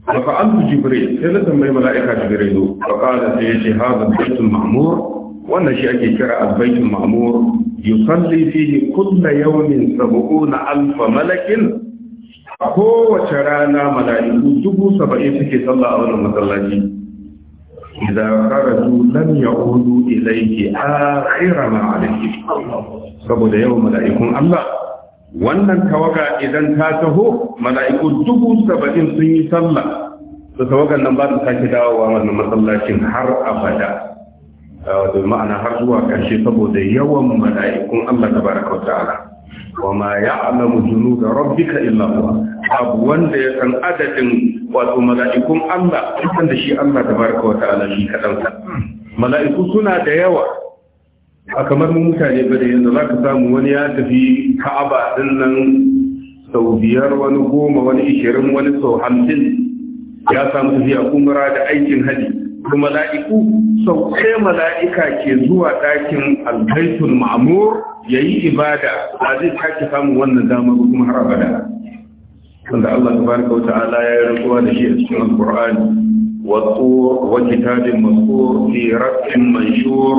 fa fa'altu jibril sai na tambayi mala'ika jibril fa qala sai yace hadha albaitul ma'mur wannan shi ake kira albaitul ma'mur yusalli fihi kulla yawmin sab'una alf malakin kowace rana mala'iku dubu saba'in suke sallah a wannan masallaci idan kharaju lam ya'udu ilayhi akhira ma alayhi saboda yawan mala'ikun Allah wannan tawaga idan ta taho mala'iku dubu saba'in sun yi sallah da tawagan nan ba ta sake dawowa wannan masallacin har abada da ma'ana har zuwa ƙarshe saboda yawan mala'ikun Allah baraka wa ta'ala wa ma ya'lamu junuda rabbika illa huwa abu wanda ya san adadin wato mala'ikun Allah kan da shi Allah baraka wa ta'ala shi kadan mala'iku suna da yawa a kamar mu mutane ba da yanzu zaka samu wani ya tafi Ka'aba din nan sau biyar wani goma wani ishirin wani sau hamsin ya samu tafiya kumara da aikin hali. da mala'iku sau ɗaya mala'ika ke zuwa ɗakin albaitul ma'amur ya yi ibada ba zai sake samun wannan damar kuma har abada wanda Allah Ta tabaraka wa ta'ala ya yi rantsuwa da shi a cikin alqur'ani wa tur wa kitabin masur fi rafin manshur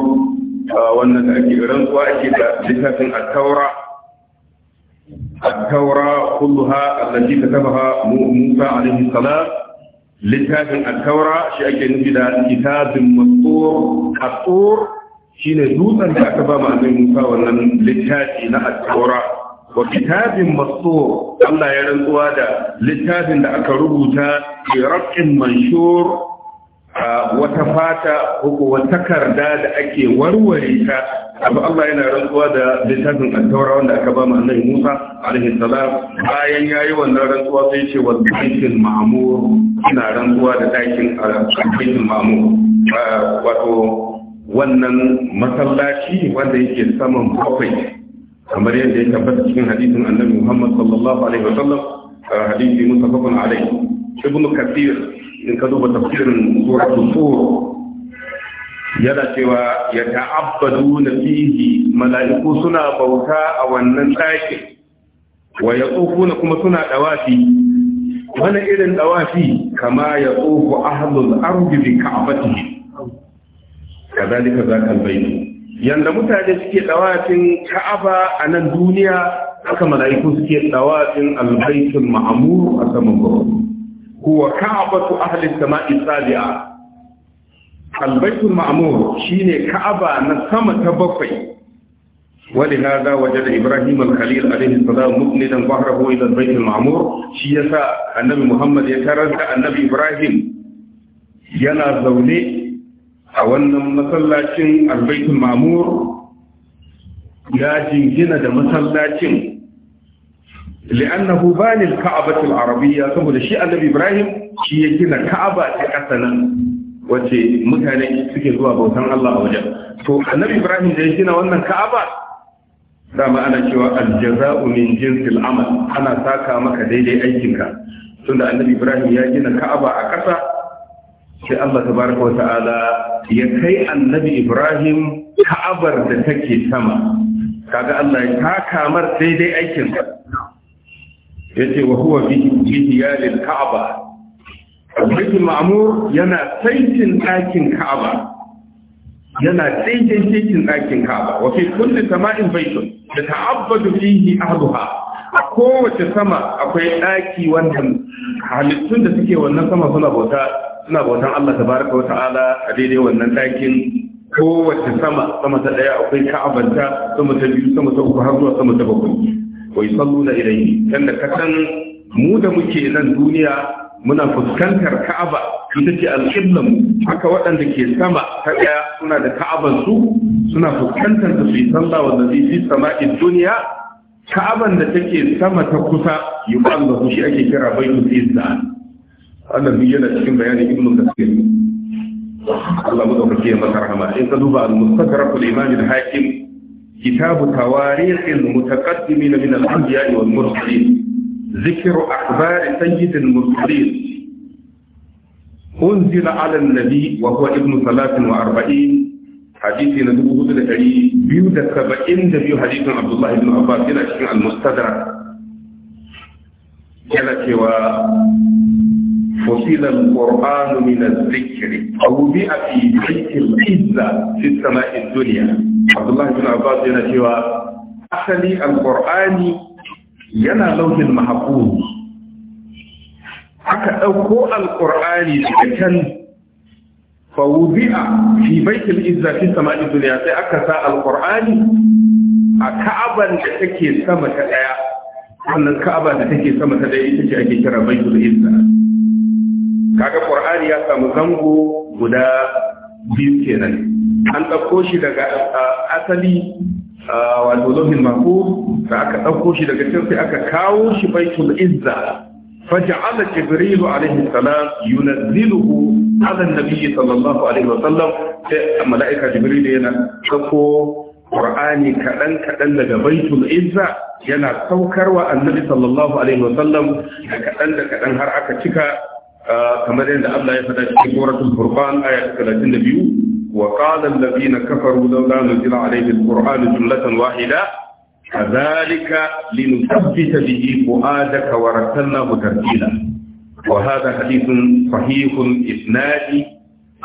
wannan da ake rantsuwa ake da littafin at-taura at-taura kulluha allati Musa alaihi salam littafin al shi ake nufi da kitabin masur shi shine dutsen da aka ba ma abin Musa wannan littafi na al wa kitabin masur Allah ya rantsuwa da littafin da aka rubuta ke raqin manshur wata fata ko wata karda da ake warware ta abu Allah yana rantsuwa da littafin attaura wanda aka ba annabi Musa alaihi salam bayan yayi wannan rantsuwa sai ce wa baitul ma'mur ina rantsuwa da dakin baitul ma'mur wato wannan masallaci wanda yake saman bakwai kamar yadda ya tabbata cikin hadisin annabi Muhammad sallallahu alaihi wasallam hadisi mutafaqun alaihi Ibn kathir in ka duba tafsirin suratul sur yana cewa ya ta'abbadu na fihi mala'iku suna bauta a wannan ɗakin wa ya na kuma suna dawafi wani irin dawafi kama ya tsofu ahalul arzi bi ka'abatihi kazalika zakal bayt yanda mutane suke dawafin ka'aba a nan duniya haka mala'iku suke ɗawafin albaitul ma'mur a saman gwamnati Kuwa ka'abatu ahli as-sama'i as-sabi'a al-baytul shine ka'aba na sama ta bakwai wali hada wajada ibrahim al-khalil alayhi salam mu'minan bahrahu ila al-baytul ma'mur shi yasa annabi muhammad ya karanta annabi ibrahim yana zaune a wannan masallacin al ma'mur ya jingina da masallacin li'annahu bani al-ka'bati arabiyya saboda shi annabi Ibrahim shi ya gina Ka'aba ta kasa nan wace mutane suke zuwa bautan Allah a wajen to annabi Ibrahim da ya gina wannan Ka'aba dama ana cewa aljaza'u min jinsil amal ana saka maka daidai aikinka tunda annabi Ibrahim ya gina Ka'aba a ƙasa sai Allah tabaraka wa ta'ala ya kai annabi Ibrahim Ka'abar da take sama kaga Allah ya takamar daidai aikinsa yace wa huwa bi jiyalil ka'aba al-bayt al-ma'mur yana saitin ɗakin ka'aba yana daidai saitin ɗakin ka'aba wa fi kulli sama'in baytun da ta'abbadu fihi ahluha a kowace sama akwai ɗaki wannan halittun da suke wannan sama suna bauta suna bautan Allah ta tabaraka wa ta'ala a daidai wannan ɗakin kowace sama sama ta ɗaya akwai ka'abanta sama ta biyu sama ta uku har zuwa sama ta bakwai wa yusalluna ilayhi yanda ka san mu da muke nan duniya muna fuskantar Ka'aba ita ce alƙiblan haka waɗanda ke sama ta ɗaya suna da Ka'aban su suna fuskantar su yi sallah wanda zai fi sama'in duniya Ka'aban da take sama ta kusa yuqallahu shi ake kira baitul izza annabi yana cikin bayanin ibnu kasir Allah mu dauke masa rahama in ka duba al-mustadrak al-imam al-hakim كتاب تواريخ المتقدمين من الأنبياء والمرسلين ذكر أخبار سيد المرسلين أنزل على النبي وهو ابن ثلاث وأربعين حديث ندبه الأري بيودة سبعين دبيو حديث عبد الله بن عباس إلى شيء المستدرك كلا كوا فصل القرآن من الذكر أو بيئة في بيت العزة في السماء الدنيا Abdullahi bin Abbas yana cewa asali alqur'ani yana lauhin mahfuz aka dauko alqur'ani daga can Fa fawudi'a fi baitil izza fi sama'i dunya sai aka sa alqur'ani a ka'aban da take sama ta daya wannan ka'aba da take sama ta daya ita ce ake kira baitul izza kaga qur'ani ya samu zango guda biyu kenan an ɗauko shi daga asali wa dozofin mako da aka ɗauko shi daga sai aka kawo shi baitul izza faja'ala jibrilu alaihi salam yunazziluhu ala nabiyyi sallallahu alaihi wa sallam sai mala'ika jibrilu yana ɗauko qur'ani kadan kadan daga baitul yana saukarwa annabi sallallahu alaihi wa sallam kadan kadan har aka cika kamar yadda Allah ya faɗa cikin suratul furqan aya 32 وقال الذين كفروا لولا نزل عليه القرآن جملة واحدة كذلك لنثبت به فؤادك ورتلناه ترتيلا وهذا حديث صحيح الإسناد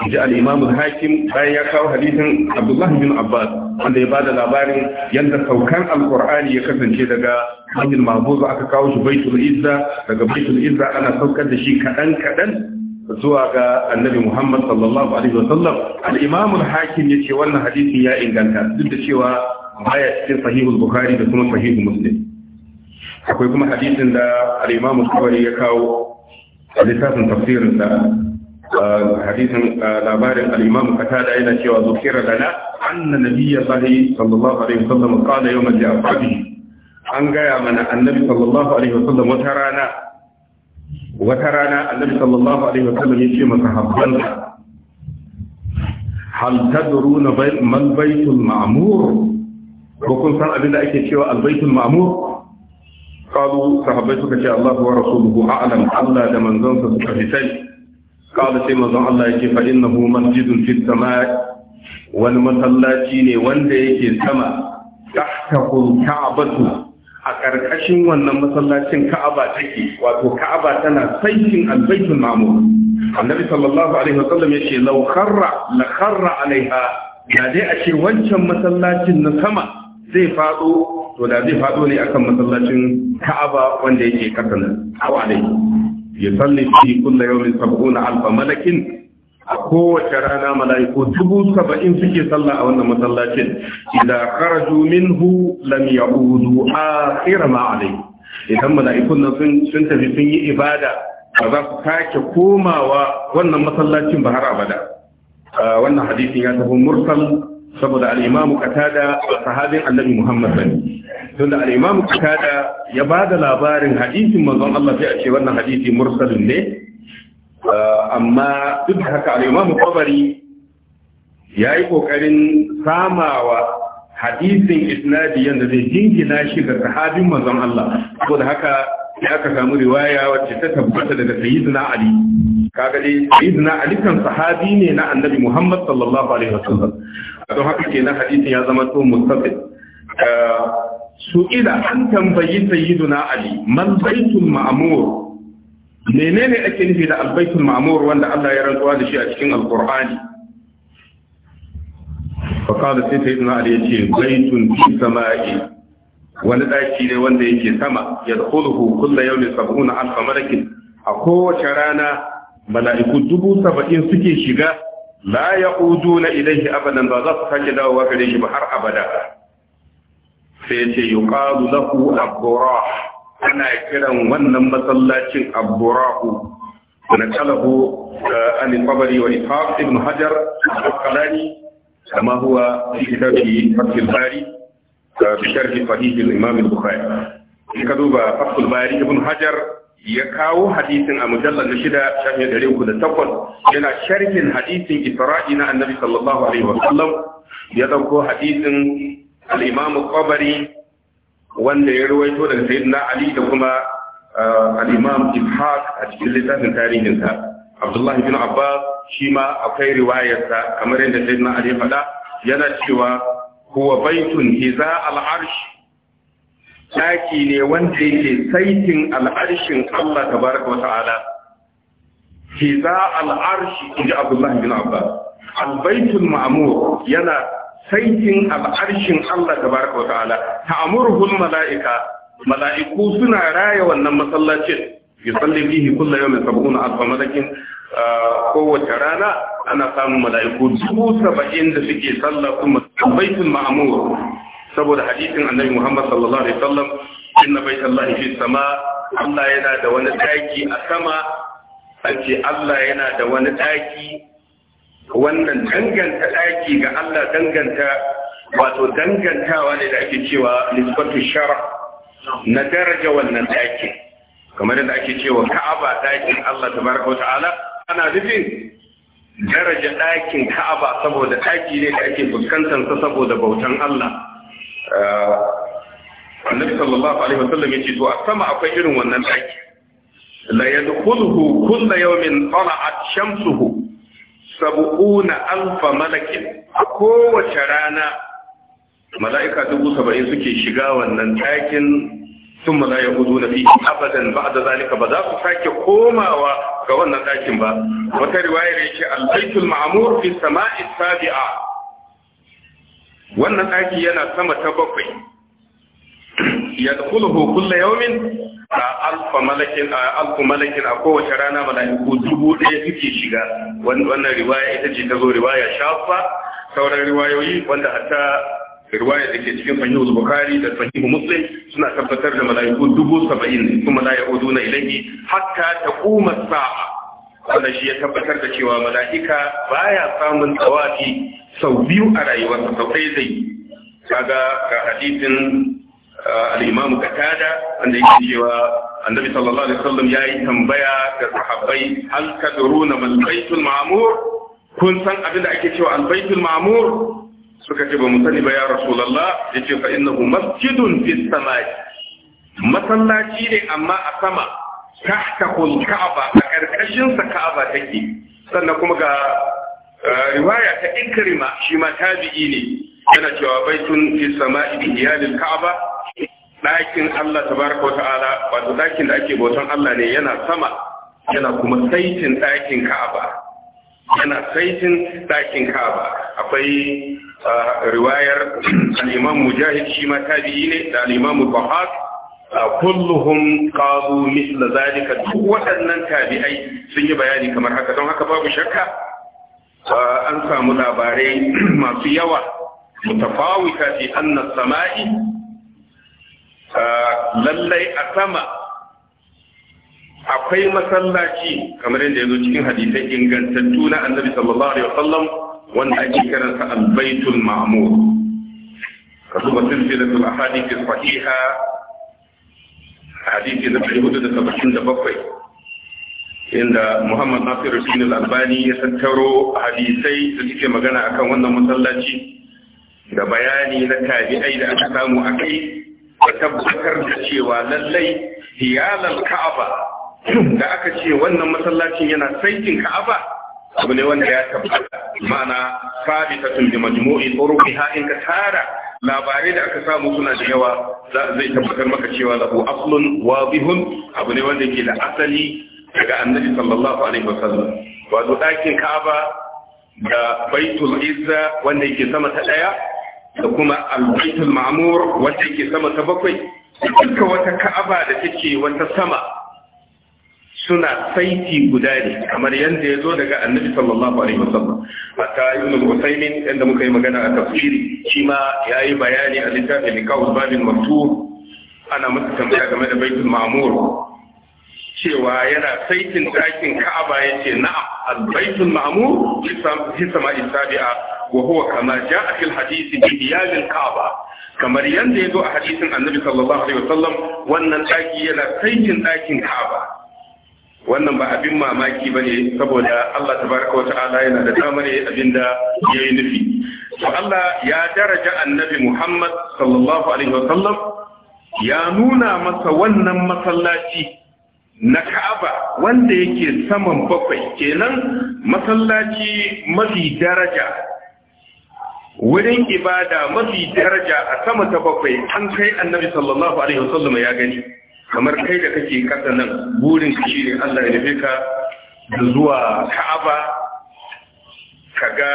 جاء الإمام الحاكم لا يقع حديث عبد الله بن عباس wanda ya bada labarin yadda saukan alkur'ani ya kasance daga hanyar mahbuzu aka kawo shi baitul izza daga baitul izza ana saukar da shi kaɗan kaɗan zuwa ga annabi Muhammad sallallahu alaihi wasallam al-Imam al-Hakim yace wannan hadisi ya inganta duk da cewa baya cikin sahih bukhari da kuma sahih Muslim akwai kuma hadisin da al-Imam bukhari ya kawo a littafin tafsirin da hadisin labarin al-Imam Qatada yana cewa zukira lana anna nabiyya sallallahu alaihi wasallam qala yawm al-ja'fabi an gaya mana annabi sallallahu alaihi wasallam wata rana wata rana annabi sallallahu alaihi wasallam ya ce masa habban hal tadruna man baitul ma'mur ko kun san abin da ake cewa albaitul ma'mur قالوا صحابي suka ce Allah wa rasuluhu a'lam Allah da manzonsa suka fi sani qala sai manzon Allah yake fa innahu masjidun fis sama'i wani masallaci ne wanda yake sama tahtahu al-ka'batu a ƙarƙashin wannan masallacin ka'aba take wato ka'aba tana saikin albaitul mamur annabi sallallahu alaihi wasallam ya ce law kharra la kharra alaiha da dai a ce wancan masallacin na sama zai fado to da zai fado ne akan masallacin ka'aba wanda yake kasan hawa alaihi yusalli fi kulli yawmin sab'una alf malakin a kowace rana mala'iku dubu saba'in suke sallah a wannan masallacin idan kharaju minhu lam ya'udu akhira ma alai idan mala'ikun nan sun tafi sun yi ibada ba za su sake komawa wannan masallacin ba har abada wannan hadisin ya tafi mursal saboda al'imamu katada a sahabin annabi Muhammad bane don da al'imamu katada ya ba da labarin hadisin manzon Allah sai a ce wannan hadisi mursalin ne Eh, amma duk da haka al'imamu kwabari ya yi ƙoƙarin samawa hadisin isnadi yadda zai jingina shi ga sahabin mazan Allah saboda haka ya aka samu riwaya wacce ta tabbata daga sayyidina Ali kaga dai sayyidina Ali kan sahabi ne na annabi Muhammad sallallahu alaihi wa wasallam don haka kenan hadisin ya zama to mustaqil eh, su ila an tambayi sayyidina Ali man zaitun ma'mur menene ake nufi da albaitul ma'mur wanda Allah ya rantsuwa da shi a cikin alqur'ani fa qala na ali yace baitun fi sama'i wani daki ne wanda yake sama yau kullu yawmin sab'una alf malakin a kowace rana mala'iku dubu saba'in suke shiga la idan ilayhi abadan ba za su sake dawowa gare shi ba har abada sai yace yuqalu lahu ana kiran wannan masallacin abdurahu na kalahu an eh, al-qabri wa ishaq ibn hajar al-qalani kama huwa fi kitabi fath al-bari eh, fi sharh sahih al-imam al-bukhari ka duba fath bari ibn hajar ya kawo hadisin a mujallar na shida shafin ɗari uku da takwas yana sharhin hadisin isra'i na annabi sallallahu alaihi wasallam ya ɗauko hadisin imamu kwabari wanda ya ruwaito daga sayyidina ali da kuma uh, al-imam ishaq a cikin littafin tarihinsa abdullahi bin abbas shi ma akwai riwayarsa kamar yadda sayyidina ali faɗa yana cewa huwa baitun hiza al-arsh ɗaki ne wanda yake saitin al'arshin Allah ta baraka wa ta'ala. Hiza al'arshi, inji Abdullahi bin Abbas, albaitul ma'amur yana saitin al'arshin Allah tabaraka wa ta'ala ta'amuruhul mala'ika mala'iku suna raya wannan masallacin yusalli bihi kullu yawmin sab'una alf malakin ah, kowace rana ana samun mala'iku dubu saba'in da suke sallah kuma baitul ma'mur saboda hadisin annabi Muhammad sallallahu alaihi wasallam inna baitallahi fi sama Allah yana da wani daki a sama an Allah yana da wani daki wannan danganta ɗaki ga Allah danganta wato dangantawa ne da ake cewa nisbatu shara na daraja wannan ɗakin kamar yadda ake cewa ka'aba ɗakin Allah tabaraka wa ta'ala ana nufin daraja ɗakin ka'aba saboda ɗaki ne da ake fuskantar sa saboda bautan Allah uh, annabi sallallahu alaihi wasallam yace to a sama akwai irin wannan ɗaki la yadkhuluhu kullu yawmin tala'at shamsuhu sab'una alfa malakin a kowace rana mala'ika dubu saba'in suke shiga wannan takin sun mala ya gudu na fi abadan ba da zalika ba za su sake komawa ga wannan takin ba wata riwayar yake albaitul ma'amur fi sama'i sabi'a wannan taki yana sama ta bakwai ya kullu kullu yawmin alfa malakin a kowace rana mala'iku dubu ɗaya suke shiga wannan riwaya ita ce ta zo riwaya shafa sauran riwayoyi wanda hatta riwaya da ke cikin sahihul bukari da fahimu muslim suna tabbatar da mala'iku dubu saba'in kuma la na ilahi hatta taquma sa'a wanda shi ya tabbatar da cewa mala'ika baya samun tsawafi sau biyu a rayuwarsa sau ɗaya zai kaga ga hadisin alimam katada wanda yake cewa annabi sallallahu alaihi wasallam yayi tambaya ga sahabbai hal tadruna mal baitul ma'mur kun san abin da ake cewa al ma'amur? suka ce ba mu sani ba ya rasulullah yace fa innahu masjidun fis samai masallaci ne amma a sama tahtahu al-ka'aba a karkashin sa ka'aba take sannan kuma ga uh, riwaya ta ikrima shi ma tabi'i ne yana cewa baitun fi sama'i bi iyalil ka'aba ɗakin Allah tabaraka ta'ala wato ɗakin da ake bautan Allah ne yana sama yana kuma saitin ɗakin Ka'aba yana saitin ɗakin Ka'aba akwai riwayar al-Imam Mujahid shi ma tabi'i ne da al-Imam Bahaq kulluhum qalu misla zalika duk waɗannan tabi'ai sun yi bayani kamar haka don haka babu shakka an samu labarai masu yawa mutafawita fi anna sama'i Ah, lallai a sama akwai masallaci kamar yadda ya zo cikin hadisai ingantattu na annabi sallallahu alaihi wasallam wanda ake kiransa albaitul ma'mur ka duba silsilatul ahadith sahiha hadisi na bakwai, inda Muhammad Nasiru Sinil Albani ya tattaro hadisai da suke magana akan wannan masallaci da bayani na tabi'ai da aka samu a kai ka tabbatar da cewa lallai hiyalar ka'aba da aka ce wannan masallacin yana saitin ka'aba abu ne wanda ya tabbata ma'ana tun bi majmu'in urubiha in ka tara labarai da aka samu suna da yawa zai tabbatar maka cewa lahu aslun wadihun abu ne wanda yake da asali daga annabi sallallahu alaihi wasallam wato dakin ka'aba da baitul izza wanda yake sama ta daya da kuma al-baitul ma'mur wanda yake sama ta bakwai duka wata ka'aba da take wata sama suna saiti guda ne kamar yadda ya zo daga annabi sallallahu alaihi wasallam hatta ibn usaymin inda muka yi magana a tafsiri shi ma yayi bayani a littafin nikahul babin maftuh ana masa tambaya game da baitul ma'mur cewa yana saitin dakin ka'aba yace na'am al-baitul ma'mur fi sama'i sabi'a wa huwa kama jaa fil hadisi bi kaaba kamar yadda ya zo a hadisin annabi sallallahu alaihi wasallam wannan daki yana saitin dakin kaaba wannan ba abin mamaki ba ne. saboda Allah tabaraka wataala yana da damar abinda yayi nufi to Allah ya daraja annabi Muhammad sallallahu alaihi wasallam ya nuna masa wannan masallaci na Ka'aba wanda yake saman bakwai kenan masallaci mafi daraja wurin ibada mafi daraja a sama ta bakwai an kai annabi sallallahu alaihi wasallam ya gani kamar kai da kake kasa nan burin ka shine Allah ya nufe ka da zuwa Ka'aba kaga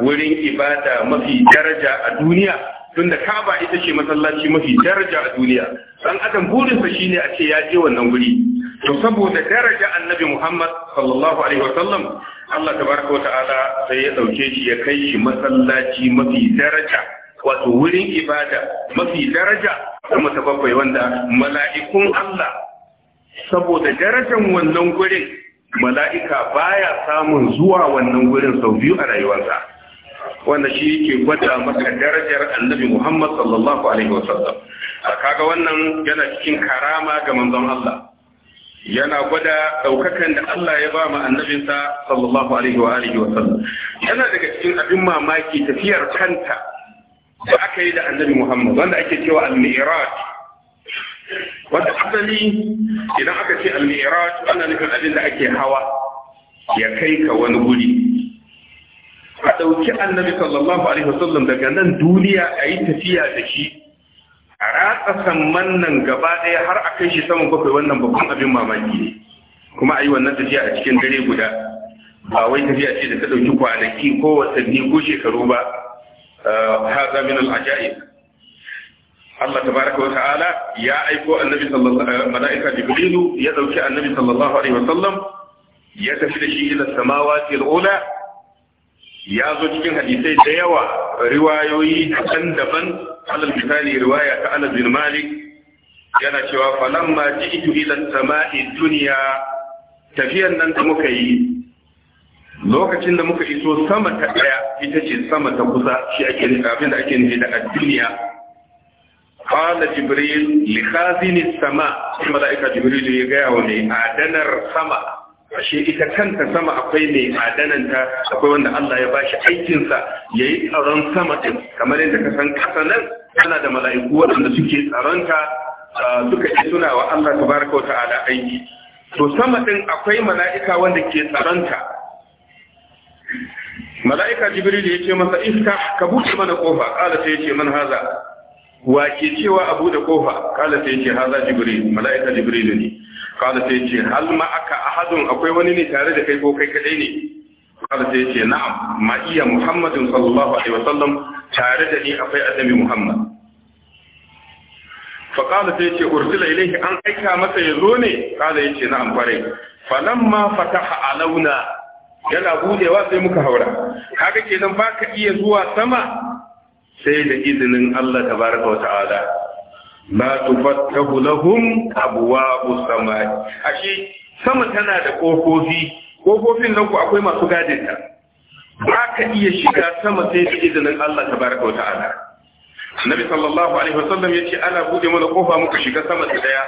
wurin ibada mafi daraja a duniya tunda Ka'aba ita ce masallaci mafi daraja a duniya dan adam burin sa shine a ce ya je wannan guri to saboda daraja annabi Muhammad sallallahu alaihi wasallam Allah tabaraka ta'ala sai ya dauke shi ya kai shi masallaci mafi daraja wato wurin ibada mafi daraja kuma ta bakwai wanda mala'ikun Allah saboda darajar wannan gurin mala'ika baya samun zuwa wannan gurin sau biyu a rayuwarsa wanda shi yake gwada maka darajar annabi Muhammad sallallahu alaihi wasallam kaga wannan yana cikin karama ga manzon Allah yana gwada ɗaukakan da Allah ya ba mu annabinsa sallallahu alaihi wa alihi wa sallam yana daga cikin abin mamaki tafiyar kanta da aka yi da annabi Muhammad wanda ake cewa al-mi'raj wanda asali idan aka ce al-mi'raj ana nufin abin da ake hawa ya kai ka wani guri a ɗauki annabi sallallahu alaihi wa sallam daga nan duniya a yi tafiya da shi a ratsa mannan nan gaba ɗaya har a kai shi saman bakwai wannan babban abin mamaki ne kuma a yi wannan tafiya a cikin dare guda ba wai tafiya ce da ta ɗauki kwanaki ko watanni ko shekaru ba Ha eh, min al'ajaib Allah tabaraka wa ta'ala ya aiko annabi sallallahu alaihi malaika jibrilu ya dauki annabi sallallahu alaihi wasallam ya tafi da shi ila samawati al-ula ya zo cikin hadisai da yawa riwayoyi daban-daban alal misali riwaya ta Anas bin Malik yana cewa falamma ji'tu ila samai dunya tafiyan nan da muka yi lokacin da muka iso sama ta daya ita ce sama ta kusa shi ake kafin da ake nufi da ad qala jibril li khazin as-sama malaika jibril ya ga wa mai adanar sama ashe ita kanta sama akwai mai adananta akwai wanda Allah ya bashi aikinsa ya yi tsaron sama ɗin kamar yadda ka san ƙasa nan tana da mala'iku waɗanda suke tsaronta suka yi suna wa Allah ta baraka wa ta'ala aiki to sama ɗin akwai mala'ika wanda ke tsaronta mala'ika jibril ya ce masa iska ka buɗe mana ƙofa ƙala sai ya ce man haza wa ke cewa abu da ƙofa ƙala sai ya ce haza jibril mala'ika jibril ne kada sai ce hal ma aka ahadun akwai wani ne tare da kai ko kai kadai ne kada sai ce na'am ma iya muhammadin sallallahu alaihi wasallam tare da ni akwai annabi muhammad fa kada sai ce ursila ilaihi an aika masa ya zo ne kada ya ce na'am kwarai ma fataha alauna yana budewa sai muka haura kaga kenan baka iya zuwa sama sai da izinin Allah tabaraka wa ta'ala la tufattahu lahum abwaabus samaa'i ashe sama tana da kofofi kofofin nan ku akwai masu gadin ta ba ka iya shiga sama sai da izinin Allah tabaaraka wa ta'ala Nabi sallallahu alaihi wasallam yace ana bude mana kofa muka shiga sama ta daya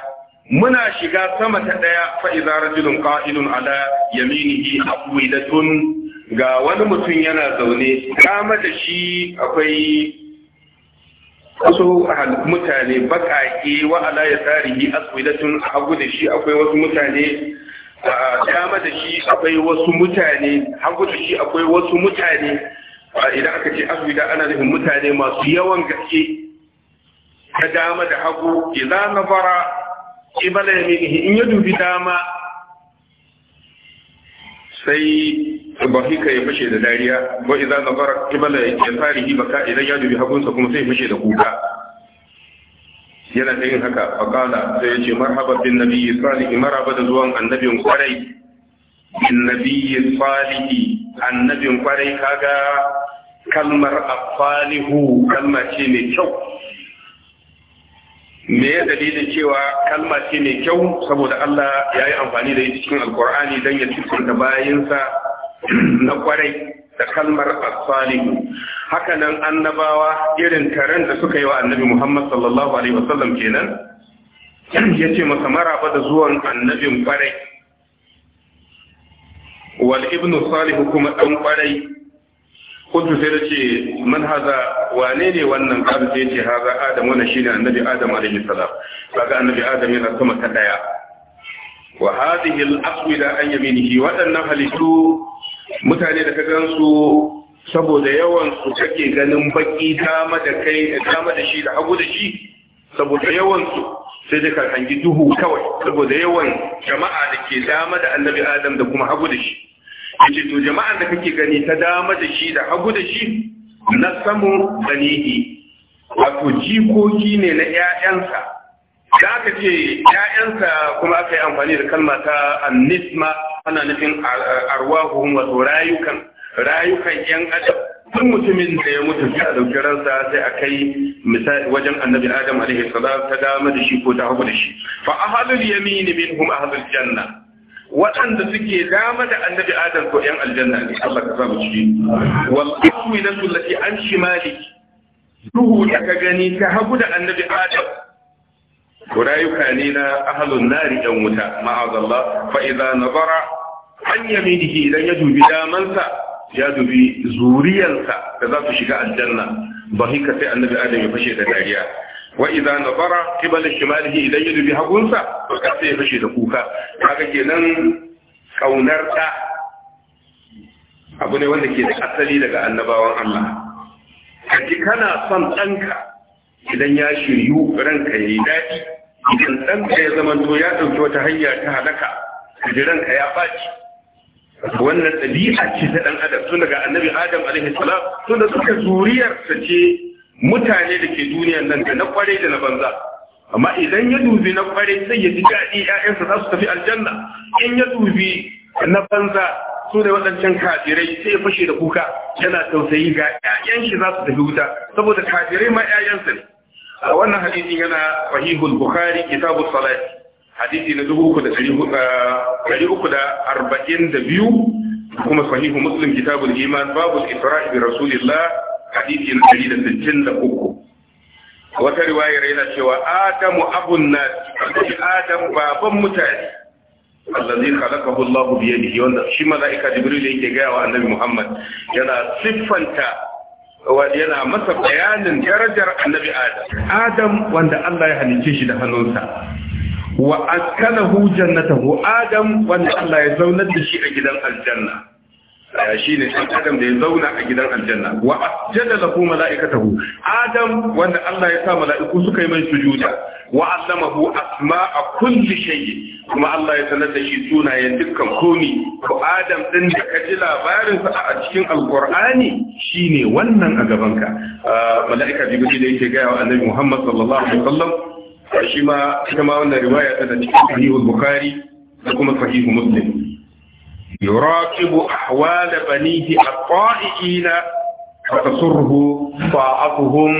muna shiga sama ta daya fa idza rajulun qa'idun ala yaminihi aqwidatun ga wani mutum yana zaune kama da shi akwai wasu mutane baƙaƙe wa ala ya tarihi aswidatun a hagu da shi akwai wasu mutane a dama da shi akwai wasu mutane hagu da shi akwai wasu mutane idan aka ce aswida ana nufin mutane masu yawan gaske ta dama da hagu idan fara ibala yaminihi in ya dubi dama sai bahika ya fashe da dariya idan wa idza nazara fari yasarihi baka idan ya dubi hagunsa kuma sai fashe da kuka yana da yin haka fa sai ya ce marhaban bin nabiyyi salihi maraba da zuwan annabin kwarai bin nabiyyi salihi annabin kwarai kaga kalmar afalihu kalma ce mai kyau me ya dalilin cewa kalma ce mai kyau saboda Allah ya yi amfani da ita cikin alkur'ani don ya cikin da bayansa na kwarai da kalmar asalihu hakanan annabawa irin taron da suka yi wa annabi Muhammad sallallahu alaihi wasallam kenan ya ce masa maraba da zuwan annabin kwarai wal ibnu salih kuma dan kwarai Kudu sai dace man haza wane ne wannan kabu sai yace haza adam wannan shine annabi adam alaihi salam kaga annabi adam yana sama ta daya wa hadhihi al aswida an yaminihi wadannan halittu mutane da ka su saboda yawan su kake ganin baki dama da kai dama da shi da hagu da shi saboda yawan su sai da kan hangi duhu kawai saboda yawan jama'a da ke dama da annabi adam da kuma hagu da shi yace to jama'an da kake gani ta dama da shi da hagu da shi na samu banihi wato jikoki ne na 'ya'yansa da aka ce ‘ya'yansa kuma aka yi amfani da kalma ta annisma ana nufin arwahuhun wato rayukan rayukan ‘yan adam tun mutumin da ya mutu sai a ɗauki ransa sai a kai misali wajen annabi adam alaihi salam ta dama da shi ko ta hagu da shi fa ahalul yamini minhum ahalul janna waɗanda suke dama da annabi adam ko ‘yan aljanna ne Allah ka sa mu ciki wal aswilatu lati an shimali duhu da ka gani ta hagu da annabi adam rayuka ne na ahalun nari yan wuta ma'azallah fa idza nazara an yaminihi idan ya dubi damansa ya dubi zuriyarsa da za su shiga aljanna ba hika sai annabi adam ya fashe da dariya wa idza nazara qibala shimalihi idan ya dubi hagunsa to sai ya fashe da kuka kaga kenan kaunar ta abu ne wanda ke da asali daga annabawan Allah kaji kana son ɗanka idan ya shiryu ranka ya yi daɗi idan ɗanka ya zamanto ya ɗauki wata hanya ta halaka ji ranka ya ɓaci wannan ɗabi'a ce ta ɗan adam tun daga annabi adam alaihi salam tun da suka zuriyarsa ce mutane da ke duniyan nan da na kwarai da na banza amma idan ya dubi na kwarai sai ya ji daɗi ‘ya'yansa za su tafi aljanna in ya dubi na banza su da waɗancan kafirai sai ya fashe da kuka yana tausayi ga ‘ya'yan shi za su tafi wuta saboda kafirai ma ‘ya'yansa ne A wannan hadisi yana sahihul bukhari kitabu salat hadisi na dubu uku eh, uku da da da dari arba'in biyu, kuma sahihu muslim kitabul iman Babu isra'i bi rasulillah hadisi na dari da da sittin uku. wata riwayar yana cewa adamu abun nas adam baban mutane allazi khalaqahu Allah bi yadihi wanda shi malaika jibril yake ga wa annabi Muhammad yana siffanta yana masa bayanin darajar annabi adam adam wanda Allah ya halince shi da hannunsa wa askalahu jannatahu adam wanda Allah ya zaunar da shi a gidan aljanna shi ne ɗan adam da ya zauna a gidan aljanna wa ajjada lahu mala'ikatahu adam wanda Allah ya sa mala'iku suka yi mai sujuda wa allamahu asma'a kulli shay kuma Allah ya sanar da shi sunayen dukkan komi ko adam din da ka ji labarin sa a cikin alqur'ani shine wannan a gabanka ah, mala'ika jibril da yake ga wa annabi Muhammad sallallahu alaihi wasallam shi ma kuma wannan riwaya ta da cikin sahih bukhari da kuma sahih muslim yuraqibu ahwal banihi at-ta'iina wa tasurruhu ta'atuhum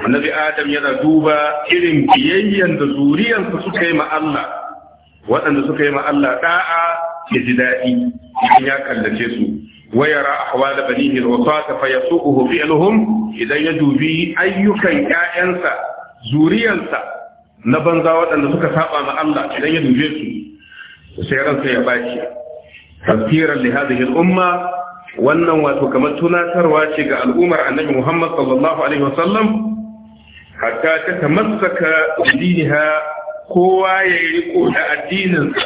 annabi adam yana duba irin biyayyen da zuriyansa suka yi ma Allah waɗanda suka yi da'a ya ji daɗi idan kallace su ويرى أحوال بنيه الوساطة فيسوءه فعلهم إذا يجوبي أيك يأنسى زوريانسى نبنزا وأن سكا سابا مع الله إذا يجوبي سيرا سيباشي Kasirar li hadhihi umma wannan wato kamar tunatarwa ce ga al'ummar annabi Muhammad sallallahu alaihi wasallam hatta ta tamassaka diniha kowa ya yi riko da addininsa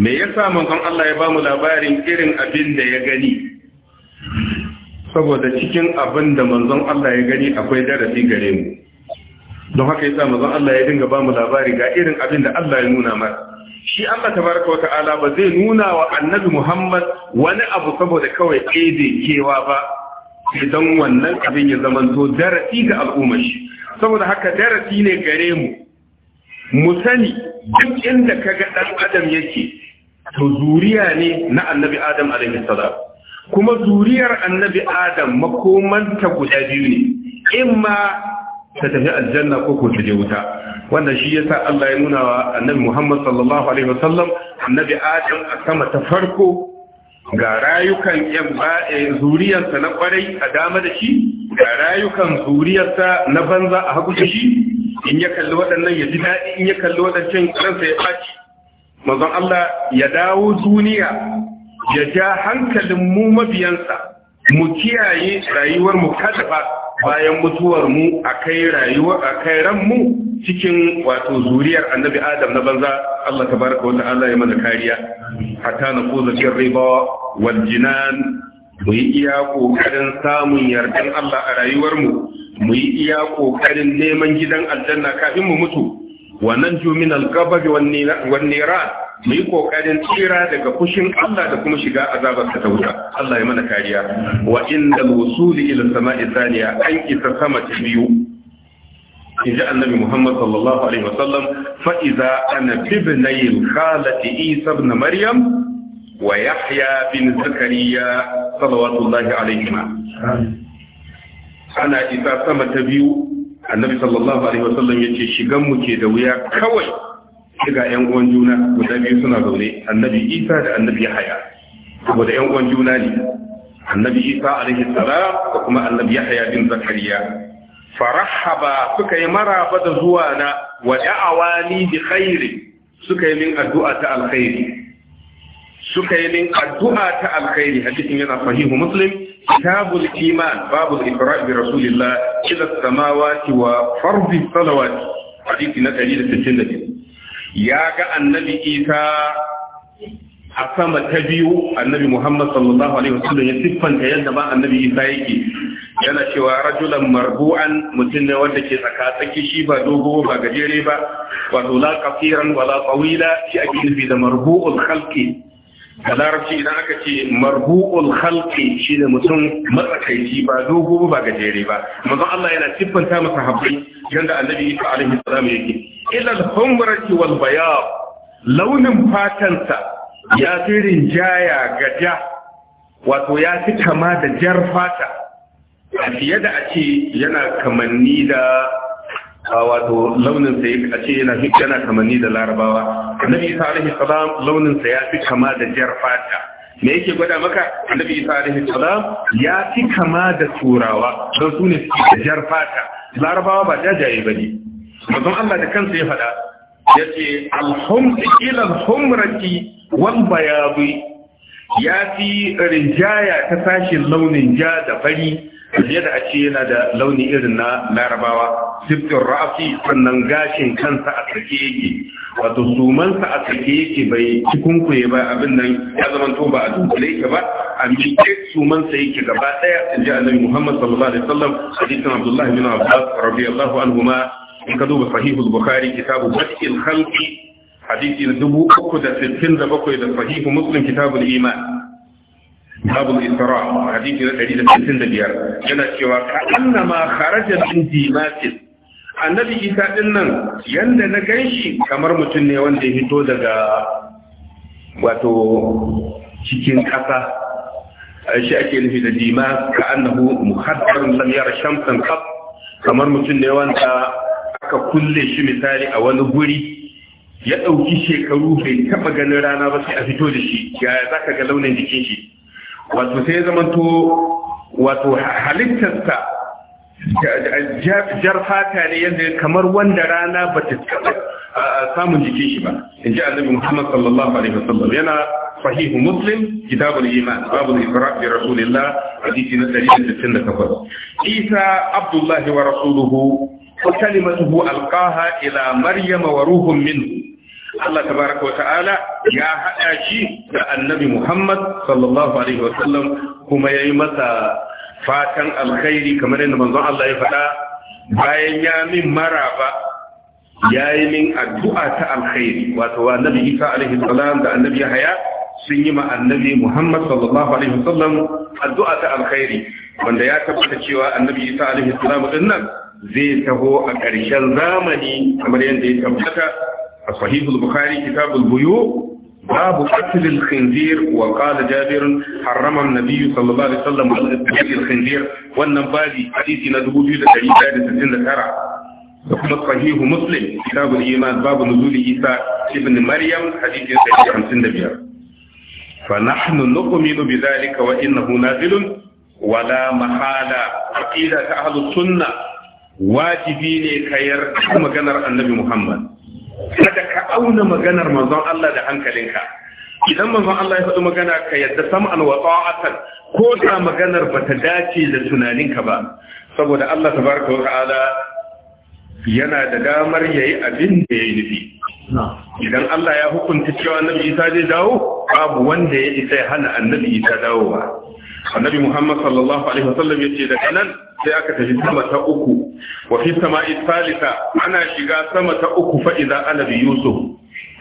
me yasa manzon Allah ya bamu labarin irin abin da ya gani saboda cikin abin da manzon Allah ya gani akwai darasi gare mu don haka yasa manzon Allah ya dinga bamu labari ga irin abin da Allah ya nuna masa shi Allah wata ala ba zai nuna wa annabi Muhammad wani abu saboda kawai ɗaiɗe kewa ba idan wannan abin ya zamanto darasi ga al'ummar shi saboda haka darasi ne gare mu mu sani duk inda kaga ɗan adam yake to zuriya ne na annabi Adam alaihi kuma zuriyar annabi Adam makomanta guda biyu ne imma ta tafi aljanna ko ko ta je wuta Wannan shi yasa Allah ya nuna wa annabi Muhammad sallallahu alaihi wasallam annabi Adam a sama ta farko ga rayukan yan eh, zuriyarsa na kwarai a dama da shi ga rayukan zuriyarsa na banza a hagu da shi in ya kalli waɗannan ya ji daɗi in ya kalli waɗancan ransa ya faci manzon Allah ya dawo duniya ya ja hankalin mu mabiyansa mu kiyaye rayuwar mu kada ba bayan mutuwar mu kai rayuwa ran mu cikin wato zuriyar annabi adam na banza Allah tabaraka wa ta'ala ya mana kariya hatta na kuza cikin riba wal jinan mu yi iya kokarin samun yardan Allah a rayuwar mu mu yi iya kokarin neman gidan aljanna kafin mu mutu wa nanju min al-qabr wan mu yi kokarin tsira daga fushin Allah da kuma shiga azabarsa ta wuta Allah ya mana kariya wa inda al-wusul ila sama'i thaniya an isa sama ta biyu in ji annabi Muhammad sallallahu alaihi wasallam fa iza ana bibnai al-khalati Isa ibn Maryam wa Yahya bin Zakariya sallallahu alaihi wasallam ana isa sama ta biyu annabi sallallahu alaihi wasallam yace shigan mu ke da wuya kawai Daga yan uwan juna guda biyu suna zaune annabi Isa da annabi Yahaya. saboda yan uwan juna ne annabi Isa alaihi salam da kuma annabi Yahaya bin Zakariya farahaba suka yi maraba da zuwa na wa da'awani bi khairi suka yi min addu'a ta alkhairi suka yi min addu'a ta alkhairi hadisin yana sahihu muslim كتاب الإيمان باب الإبراء برسول الله إلى السماوات وفرض الصلوات حديث نتجد في السنة النبي إيسى a sama ta biyu annabi Muhammad sallallahu alaihi wasallam ya siffanta yadda ba annabi Isa yake yana cewa rajulan marbu'an mutum ne wanda ke tsaka tsaki shi ba dogo ba gajere ba wato la kafiran wala shi ake nufi da marbu'ul da larabci idan aka ce marbu'ul khalqi shine mutum matsakaici ba dogo ba gajere ba manzon Allah yana siffanta masa habbai yanda annabi Isa alaihi salam yake ila al-humrati wal bayad launin sa ya fi rinjaya gaja. wato ya fi kama da jar fata A fiye da a ce yana kamanni da wato launin sa a ce yana hikana kamanni da larabawa annabi isa alaihi salam launin sa ya fi kama da jar fata me yake gwada maka annabi isa alaihi salam ya fi kama da turawa don su ne suke da jar fata larabawa ba jajaye bane don Allah da kansa ya faɗa yace Alhum! ila alhumrati wal bayadi ya fi rinjaya ta sashin launin ja da fari fiye da ake yana da launi irin na larabawa siftin rafi sannan gashin kansa a sake yake wato sumansa a sake yake bai cikin kuye ba abin nan ya zama to ba a dunkule yake ba a miƙe sumansa yake gaba ɗaya in ji annabi muhammad sallallahu alaihi wasallam hadisin abdullahi bin abbas radiyallahu anhu ma in ka duba sahihul bukhari kitabu badil khalqi hadisi na dubu uku da sittin da bakwai da sahihu muslim kitabul iman babu isra hadisi na 165 yana cewa ka annama kharaja min dimatin annabi isa din nan yanda na ganshi kamar mutum ne wanda ya fito daga wato cikin kasa shi ake nufi da dima ka annahu muhaddarun lam shamsan qat kamar mutum ne wanda aka kulle shi misali a wani guri ya ɗauki shekaru bai taɓa ganin rana ba sai a fito da shi ya za ka ga launin jikin shi wato sai ya zamanto wato halittarsa jar fata ne yadda kamar wanda rana ba ta taɓa samun jikin shi ba in ji annabi muhammad sallallahu alaihi wasallam yana sahihu muslim kitabul iman babu isra' bi rasulillah hadisi na 168 isa abdullahi wa rasuluhu وكلمته ila إلى wa وروح منه Allah tabaraka wa ta'ala ya haɗa shi da annabi Muhammad sallallahu alaihi wa sallam kuma yi masa fatan alkhairi kamar yadda manzon Allah ya faɗa bayan ya min maraba yi min addu'a ta alkhairi wato wa annabi Isa alaihi salam da annabi Yahya sun yi ma annabi Muhammad sallallahu alaihi wa sallam addu'a ta alkhairi wanda ya tabbata cewa annabi Isa alaihi salam din nan zai taho a ƙarshen zamani kamar yadda ya tabbata صحيح البخاري كتاب البيوع باب قتل الخنزير وقال جابر حرم النبي صلى الله عليه وسلم قتل الخنزير والنبادي حديث ندبو جيدة جيدة آية سنة ترى وكما صحيح مسلم كتاب الإيمان باب نزول إيسا ابن مريم حديث ندبو خمسين دبير فنحن نؤمن بذلك وإنه نازل ولا محالة عقيدة أهل السنة واجبين كير مجنر النبي محمد kada ka auna maganar manzon Allah da hankalinka idan manzon Allah ya faɗi magana ka yadda sam'an wa ta'atan ko da maganar bata dace da tunaninka ba saboda Allah tabaraka wa ta'ala yana da damar yayi abin da yayi nufi idan Allah ya hukunta cewa annabi Isa zai dawo babu wanda ya isa ya hana annabi Isa dawowa annabi muhammad sallallahu alaihi wasallam ce daga nan sai aka tafi sama ta uku wa fi sama'i salisa ana shiga sama ta uku fa idza annabi yusuf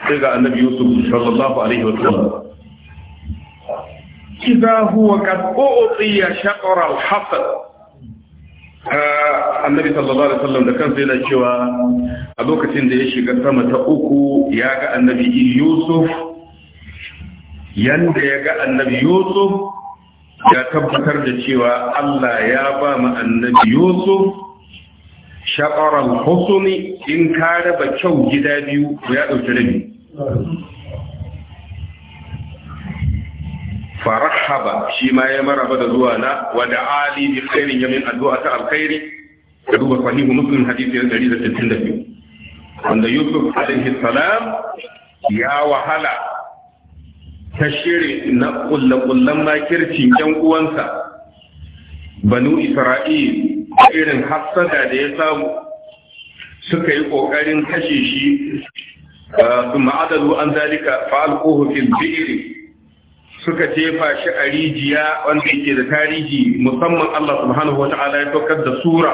sai ga annabi yusuf sallallahu alaihi wasallam idza huwa qad u'tiya shaqra al-hasad ah, annabi sallallahu alaihi wasallam da kansa yana cewa a lokacin da ya shiga sama ta uku ya ga annabi yusuf yanda ya ga annabi yusuf ya tabbatar da cewa Allah ya ba mu annabi Yusuf shaqaral husni in ka raba kyau gida biyu ko ya dauki rabi farahaba shi ma ya maraba da zuwa na wa da ali bi khairin yamin addu'a ta alkhairi da duba sahihu muslim hadith 162 wanda Yusuf alaihi salam ya wahala ta shirin na kullakullan makircin yan uwansa banu isra'il irin hassada da ya samu suka yi ƙoƙarin kashe shi su ma'adalu an zalika fa'alƙohu fil bi'iri suka jefa shi a rijiya wanda yake da tarihi musamman Allah subhanahu ta'ala ya saukar da sura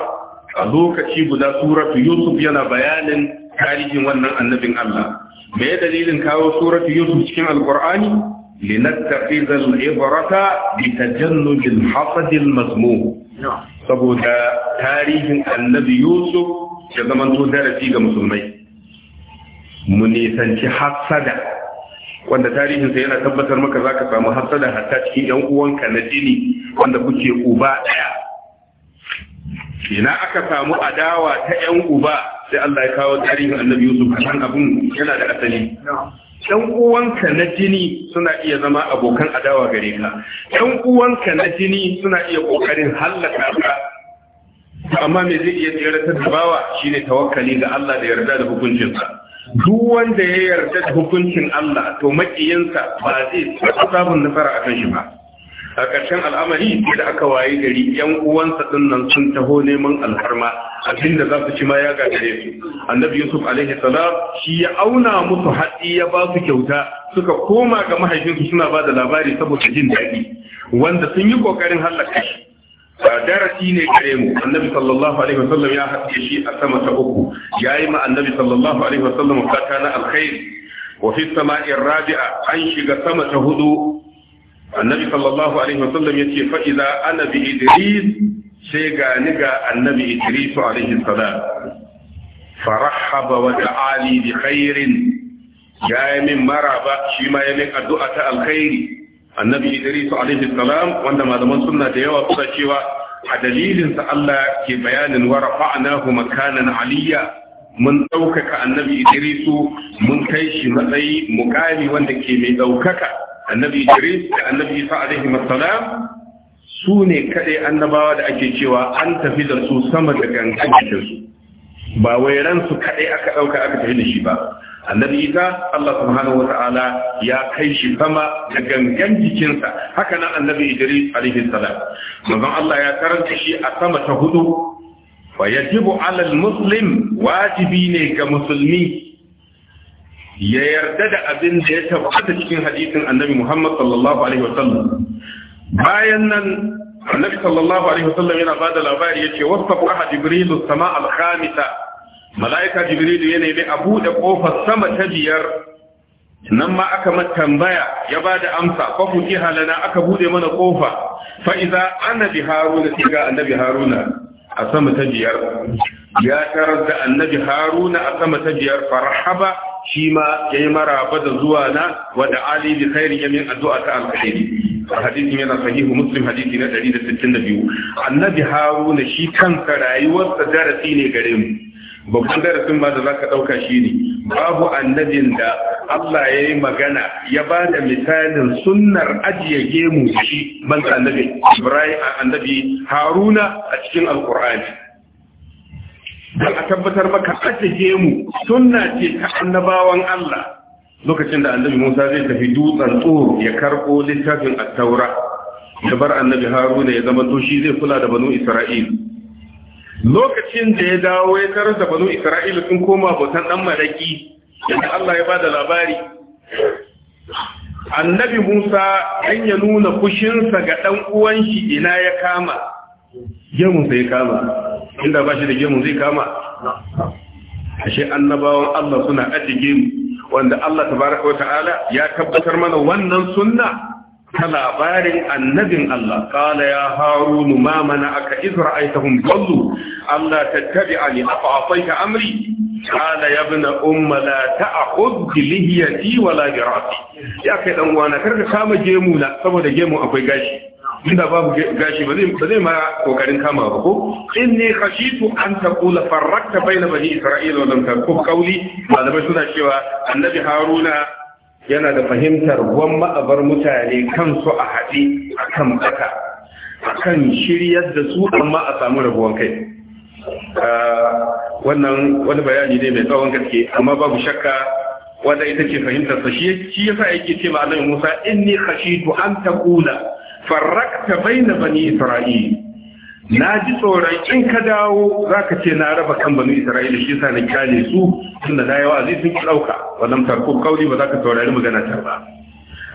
a lokaci guda suratu Yusuf yana bayanin tarihin wannan annabin Allah me ya dalilin kawo suratu Yusuf cikin Alkur'ani لنتخذ العبرة بتجنب الحصد المذموم saboda tarihin annabi yusuf ya zamanto darasi ga musulmai mu nisanci hassada wanda tarihinsa yana tabbatar maka za ka samu hassada hatta cikin yan uwanka na jini wanda kuke uba ɗaya ina aka samu adawa ta yan uba sai Allah ya kawo tarihin annabi yusuf a abun yana da asali ‘yan uwanka na jini suna iya zama abokan adawa gare ka, ‘yan uwanka na jini suna iya ƙoƙarin hallaka ka, amma me zai iya tseratar da bawa shi ne tawakkali ga Allah da yarda da hukuncinsa. Duk wanda ya yarda da hukuncin Allah to maƙiyinsa ba zai samu samun nasara a kan shi ba. a ƙarshen al'amari da aka waye gari yan uwansa dinnan sun taho neman alfarma abinda za su ci ma ya gagare su annabi yusuf alaihi salam shi ya auna musu haɗi ya ba su kyauta suka koma ga mahaifinsu suna ba da labari saboda jin daɗi wanda sun yi ƙoƙarin hallaka shi darasi ne gare mu annabi sallallahu alaihi wasallam ya haɗe shi a sama ta uku yayi ma annabi sallallahu alaihi wasallam fata na alkhairi wa fi rabi'a an shiga sama ta hudu annabi sallallahu alaihi wasallam yace fa idza ana bi idris sai ga ni ga annabi idris alaihi salam farahaba wa ta'ali bi khairin ya yi min maraba shi ma ya min addu'a ta alkhairi annabi idris alaihi salam wanda malaman sunna da yawa suka cewa a dalilinsa Allah ke bayanin wa rafa'nahu makanan aliyya mun ɗaukaka annabi idrisu mun kai shi matsayi mukami wanda ke mai ɗaukaka annabi idris da annabi isa alaihi masalam su ne kaɗai annabawa da ake cewa an tafi da su sama da gangan su ba wai ransu kaɗai aka ɗauka aka tafi da shi ba annabi isa Allah subhanahu wata'ala ya kai shi sama da gangan jikinsa haka nan annabi idris alaihi salam manzon Allah ya karanta shi a sama ta hudu fa alal muslim wajibi ne ga musulmi ya yarda da abin da ya tabbata cikin hadisin annabi Muhammad sallallahu alaihi wasallam bayan nan annabi sallallahu alaihi wasallam yana bada labari yace wasafa ahad jibril sama al khamisa malaika jibril yana bi abu da kofar sama ta biyar nan ma aka mata tambaya ya bada amsa fa futiha lana aka bude mana kofa fa annabi haruna sai ga annabi haruna a sama ta biyar ya tarar da annabi haruna a sama ta biyar farhaba shi ma ya yi maraba da zuwa na wadda ali bi khairin yamin addu'a ta alkhairi hadisin yana sahihu muslim hadisi na 162 annabi haruna shi kanka rayuwarsa darasi ne gare mu babban darasin ma da za ka ɗauka shi ne babu annabin da Allah ya yi magana ya ba da misalin sunnar ajiye gemu shi ban annabi Ibrahim annabi Haruna a cikin alkur'ani Don a tabbatar maka ajiye gemu sunna ce ta annabawan Allah lokacin da annabi Musa zai tafi dutsen tsoro ya karɓo littafin taura. ya bar annabi Haruna ya zama to shi zai kula da banu Isra'il. lokacin da ya dawo ya tarar da banu isra'ila sun koma bautan dan maraki yadda Allah ya ba da labari annabi musa dan ya nuna kushinsa ga dan uwan shi ina ya kama gemun sai kama inda ba shi da gemun zai kama ashe annabawan Allah suna ajiye gemu wanda Allah tabaraka wa ta'ala ya tabbatar mana wannan sunna ta labarin annabin Allah kala ya harunu ma mana aka izra aitahum dallu Allah a afa ta amri قال يا ابن أم لا تأخذ بلهيتي ولا براسي Ya kai دان وانا كرك kama gemu na saboda gemu akwai gashi inda babu gashi ba zai ma kama ba ko inni khashitu an farrakta bai na bani isra'ila wa lam taqul malamai suna cewa annabi haruna yana da fahimtar gwamma ma'abar mutane kansu a haɗe a kan ɗaka, a kan shiryar da su amma a samu rabuwan kai ah, wannan wani bayani ne mai tsawon gaske amma babu shakka wanda ita ce fahimtar sa shi yasa yake ce ma Annabi Musa inni khashitu an taqula farraqta bayna bani isra'il na ji tsoron in ka dawo za ka ce na raba kan banu isra'ila shi sa na kyale su tunda na yi wa'azi sun ɗauka wannan tarko kauri ba za ka saurari magana ta ba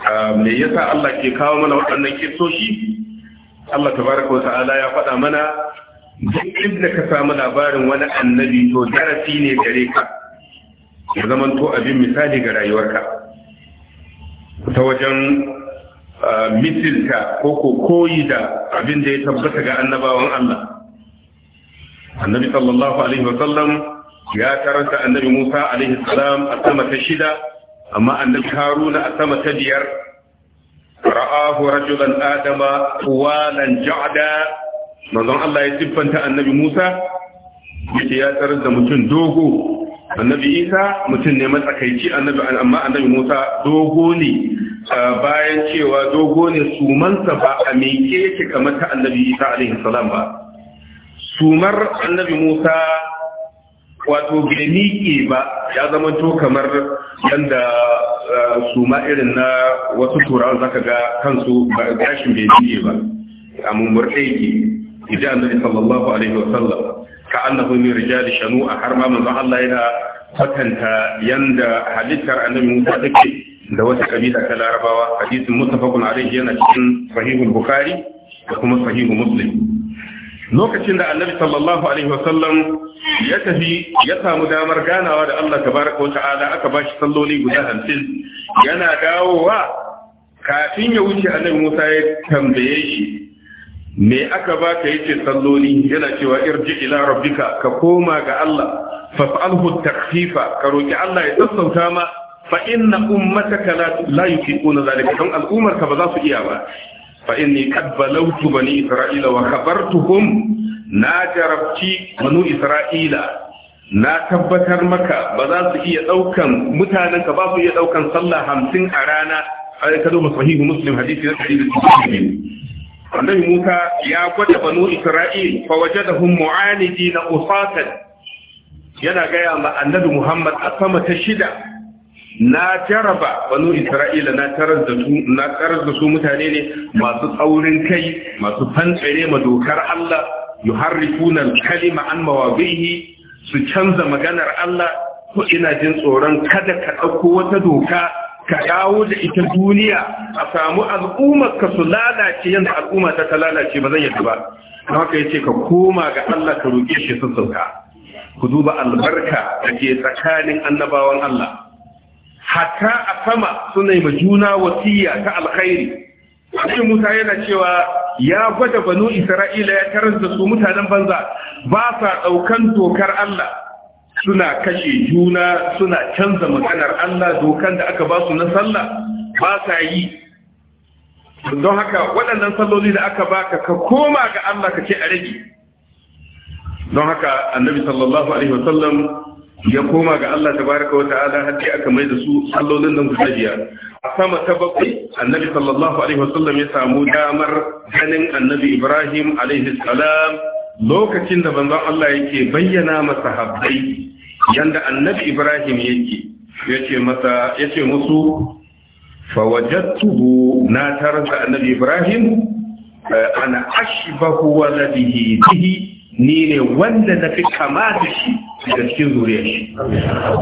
ah, me yasa Allah ke kawo mana waɗannan kisoshi Allah Ta tabaraka wa ta'ala ya faɗa mana duk inda ka samu labarin wani annabi to darasi ne gare ka ya zamanto abin misali ga rayuwarka ta wajen misilta ko ko koyi da abin da ya tabbata ga annabawan Allah annabi sallallahu alaihi wa sallam ya karanta annabi Musa alaihi salam a sama ta shida amma annabi Haruna a sama ta biyar ra'ahu rajulan adama walan ja'da manzon Allah ya siffanta annabi Musa yace ya tarar da mutum dogo annabi Isa mutum ne matsakaici annabi amma annabi Musa dogo ne bayan cewa dogo ne sumansa ba a meke yake kamar ta annabi isa alaihi salam ba sumar annabi musa wato bai miƙe ba ya zama to kamar yadda suma irin na wasu turawan zaka ga kansu ba gashin bai miƙe ba a mummurɗe yake iji annabi sallallahu alaihi wasallam ka annahu min shanu a har ma manzon Allah yana kwatanta yadda halittar annabi Musa take da wata kabila ta larabawa hadisin mutafakun alaihi yana cikin sahihul bukhari da kuma sahihul muslim lokacin da annabi sallallahu alaihi wasallam ya tafi ya samu damar ganawa da Allah tabaraka wata'ala aka shi salloli guda hamsin yana dawowa kafin ya wuce annabi Musa ya tambaye shi me aka baka yace salloli yana cewa irji ila rabbika ka koma ga Allah fas'alhu takfifa ka roki Allah ya sassauta ma Fa'in na ummataka la la yuqiquna zalika don al'ummarka ba za su iya ba fa inni qad balawtu bani isra'ila wa khabartuhum na jarabci banu isra'ila na tabbatar maka ba za su iya ɗaukan mutanen ka ba su iya ɗaukan sallah hamsin a rana ai ka duba sahihu muslim hadisi na ɗari da biyu annabi musa ya gwada banu isra'il fa wajadahum mu'anidi na usatan yana gaya ma annabi muhammad a sama ta shida na jaraba banu isra'ila na tarar da su na tarar da su mutane ne masu tsaurin kai masu fantsare ma dokar Allah yuharrifuna al-kalima an mawabihi su canza maganar Allah ko ina jin tsoron kada ka dauko wata doka ka dawo da ita duniya a samu al'ummar ka su lalace yanda al'umma ta lalace ba zan yadda ba haka yace ka koma ga Allah ka roke shi sassauka ku duba albarka da ke tsakanin annabawan Allah hatta a sama suna yi juna wasiya ta alkhairi Annabi Musa yana cewa ya gwada banu Isra'ila ya karanta su mutanen banza ba sa daukan dokar Allah suna kashe juna suna canza maganar Allah dokan da aka ba su na sallah ba sa yi don haka waɗannan salloli da aka baka ka koma ga Allah ka ce a rage don haka annabi sallallahu alaihi wasallam ya koma ga Allah tabaraka wa ta'ala har sai aka mai da su allolin nan guda biyar a sama ta bakwai annabi sallallahu alaihi wasallam ya samu damar ganin annabi Ibrahim alaihi salam lokacin da banzan Allah yake bayyana masa habbai yanda annabi Ibrahim yake yace masa yace musu fa wajadtuhu na tarasa annabi Ibrahim eh, ana ashbahu waladihi ni ne wanda na fi kama da shi daga cikin zuriyar shi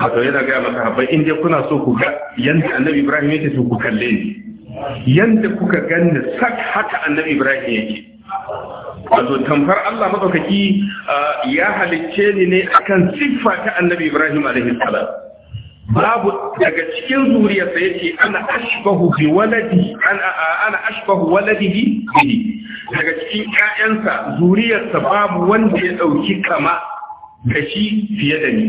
wato yana gaya maka haɓar inda kuna so ku ga yanda annabi ibrahim yake so ku kalle ni yanda kuka ganni sak haka annabi ibrahim yake wato tamfar allah maɗaukaki ah, ya halicce ni ne akan siffa ta annabi ibrahim alaihi salam babu daga cikin zuriyarsa yace ana ashbahu bi waladi ana ana ashbahu waladihi bihi daga cikin ƴaƴansa zuriyarsa babu wanda ya dauki kama da shi fiye da ni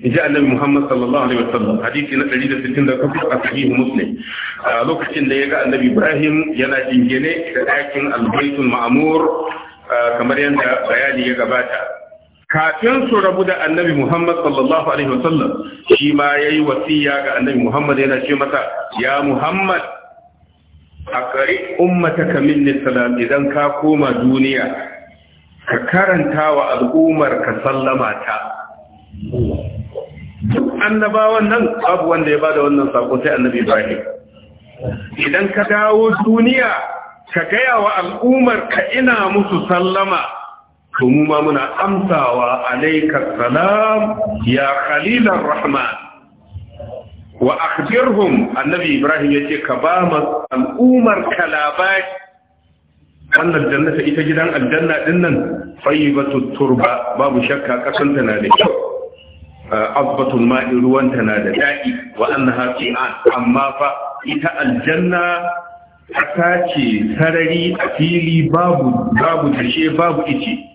inji annabi Muhammad sallallahu alaihi wasallam hadisi na 168 a sahih muslim a lokacin da ya ga annabi Ibrahim yana jingine da ɗakin al-baitul ma'mur kamar yadda bayani ya gabata kafin su rabu da annabi Muhammad sallallahu alaihi wasallam shi ma yayi wasiya ga annabi Muhammad yana ce masa ya Muhammad akari ummataka minni salam idan ka koma duniya ka karanta wa al'ummar ka sallama ta duk annabawan nan babu wanda ya bada wannan sako sai annabi Ibrahim idan ka dawo duniya ka gaya wa al'ummar ka ina musu sallama to mu ma muna amsawa alayka salam ya khalilar rahman wa akhbirhum annabi ibrahim yace ka ba ma al'umar ka labari wannan jannata ita gidan aljanna dinnan fayyibatu turba babu shakka kasanta na da kyau ah, azbatul ma'i ruwanta na da daɗi wa annaha fi'an amma fa ita aljanna ta ce sarari a fili babu babu tashe babu ice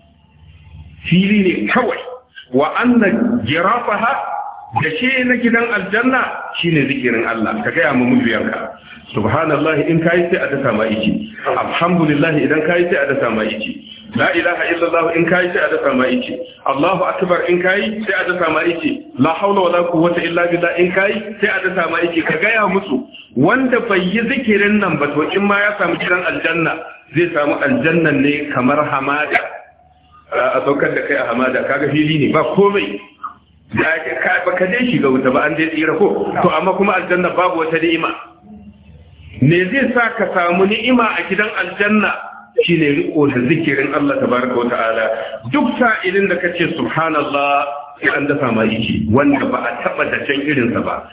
fili ne kawai wa anna jirafaha da shi na gidan aljanna shine zikirin Allah ka gaya mu mulbiyanka subhanallahi in kai sai a da sama iki alhamdulillah idan kai sai a da sama iki la ilaha illallah in kai sai a da sama iki allahu akbar in kai sai a da sama iki la haula wala quwwata illa billah in kai sai a da sama iki ka gaya musu wanda bai yi zikirin nan ba to in ma ya samu gidan aljanna zai samu aljannan ne kamar hamada a saukar da kai a hamada kaga fili ne ba komai ba ka dai shiga wuta ba an dai tsira ko to amma kuma aljanna babu wata ni'ima me zai sa ka samu ni'ima a gidan aljanna shine riko da zikirin Allah tabaraka wa ta'ala duk sa'ilin da kace subhanallah sai an dafa ma ice wanda ba a taba da can irinsa ba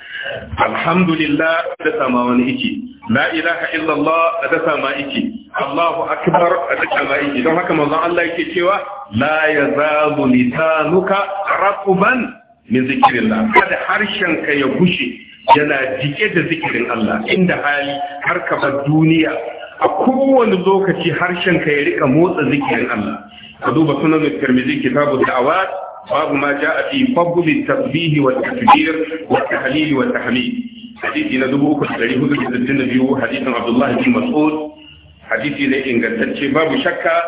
alhamdulillah da ma wani ice la ilaha illallah da ma ice Allahu akbar da ma ice don haka manzon Allah yake cewa la yazalu lisanuka raquban min zikrillah kada harshen ka ya gushe yana jike da zikirin Allah inda hali har ka duniya a kowane lokaci harshen ka ya rika motsa zikirin Allah ka duba sunan Tirmidhi kitabu da'awat باب ما جاء في فضل التسبيح والتكبير والتهليل والتحميد حديث ندبو كتلري هدو جزتين بيو حديث عبد الله بن مسعود حديث لئن قلتش باب شكا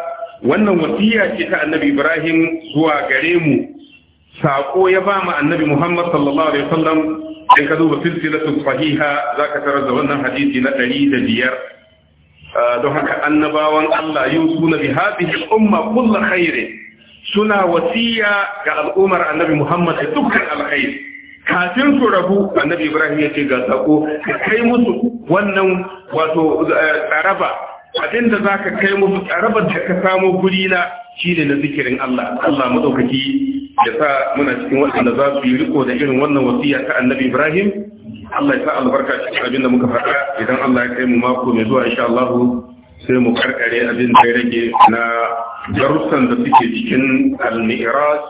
wannan wasiya ce ta annabi ibrahim zuwa gare mu sako ya ba mu annabi muhammad sallallahu alaihi wasallam in ka duba silsilatu sahiha zaka tarar da wannan hadisi na 105 don haka annabawan Allah yin suna bi hadhihi umma kullu khairin suna wasiya ga al'ummar annabi Muhammad da dukkan alkhairi kafin su rabu annabi Ibrahim ya ce ga sako ka kai musu wannan wato eh, tsaraba abinda za ka kai musu tsarabar da ka samo guri na shine na zikirin Allah Allah madaukaki ya sa muna cikin waɗanda za su yi riko da irin wannan wasiya ta annabi Ibrahim Allah ya sa albarka cikin abin da muka faɗa idan Allah ya kai mu mako mai zuwa insha Allah sai mu karkare abin da ya rage na darussan da suke cikin al-mi'raj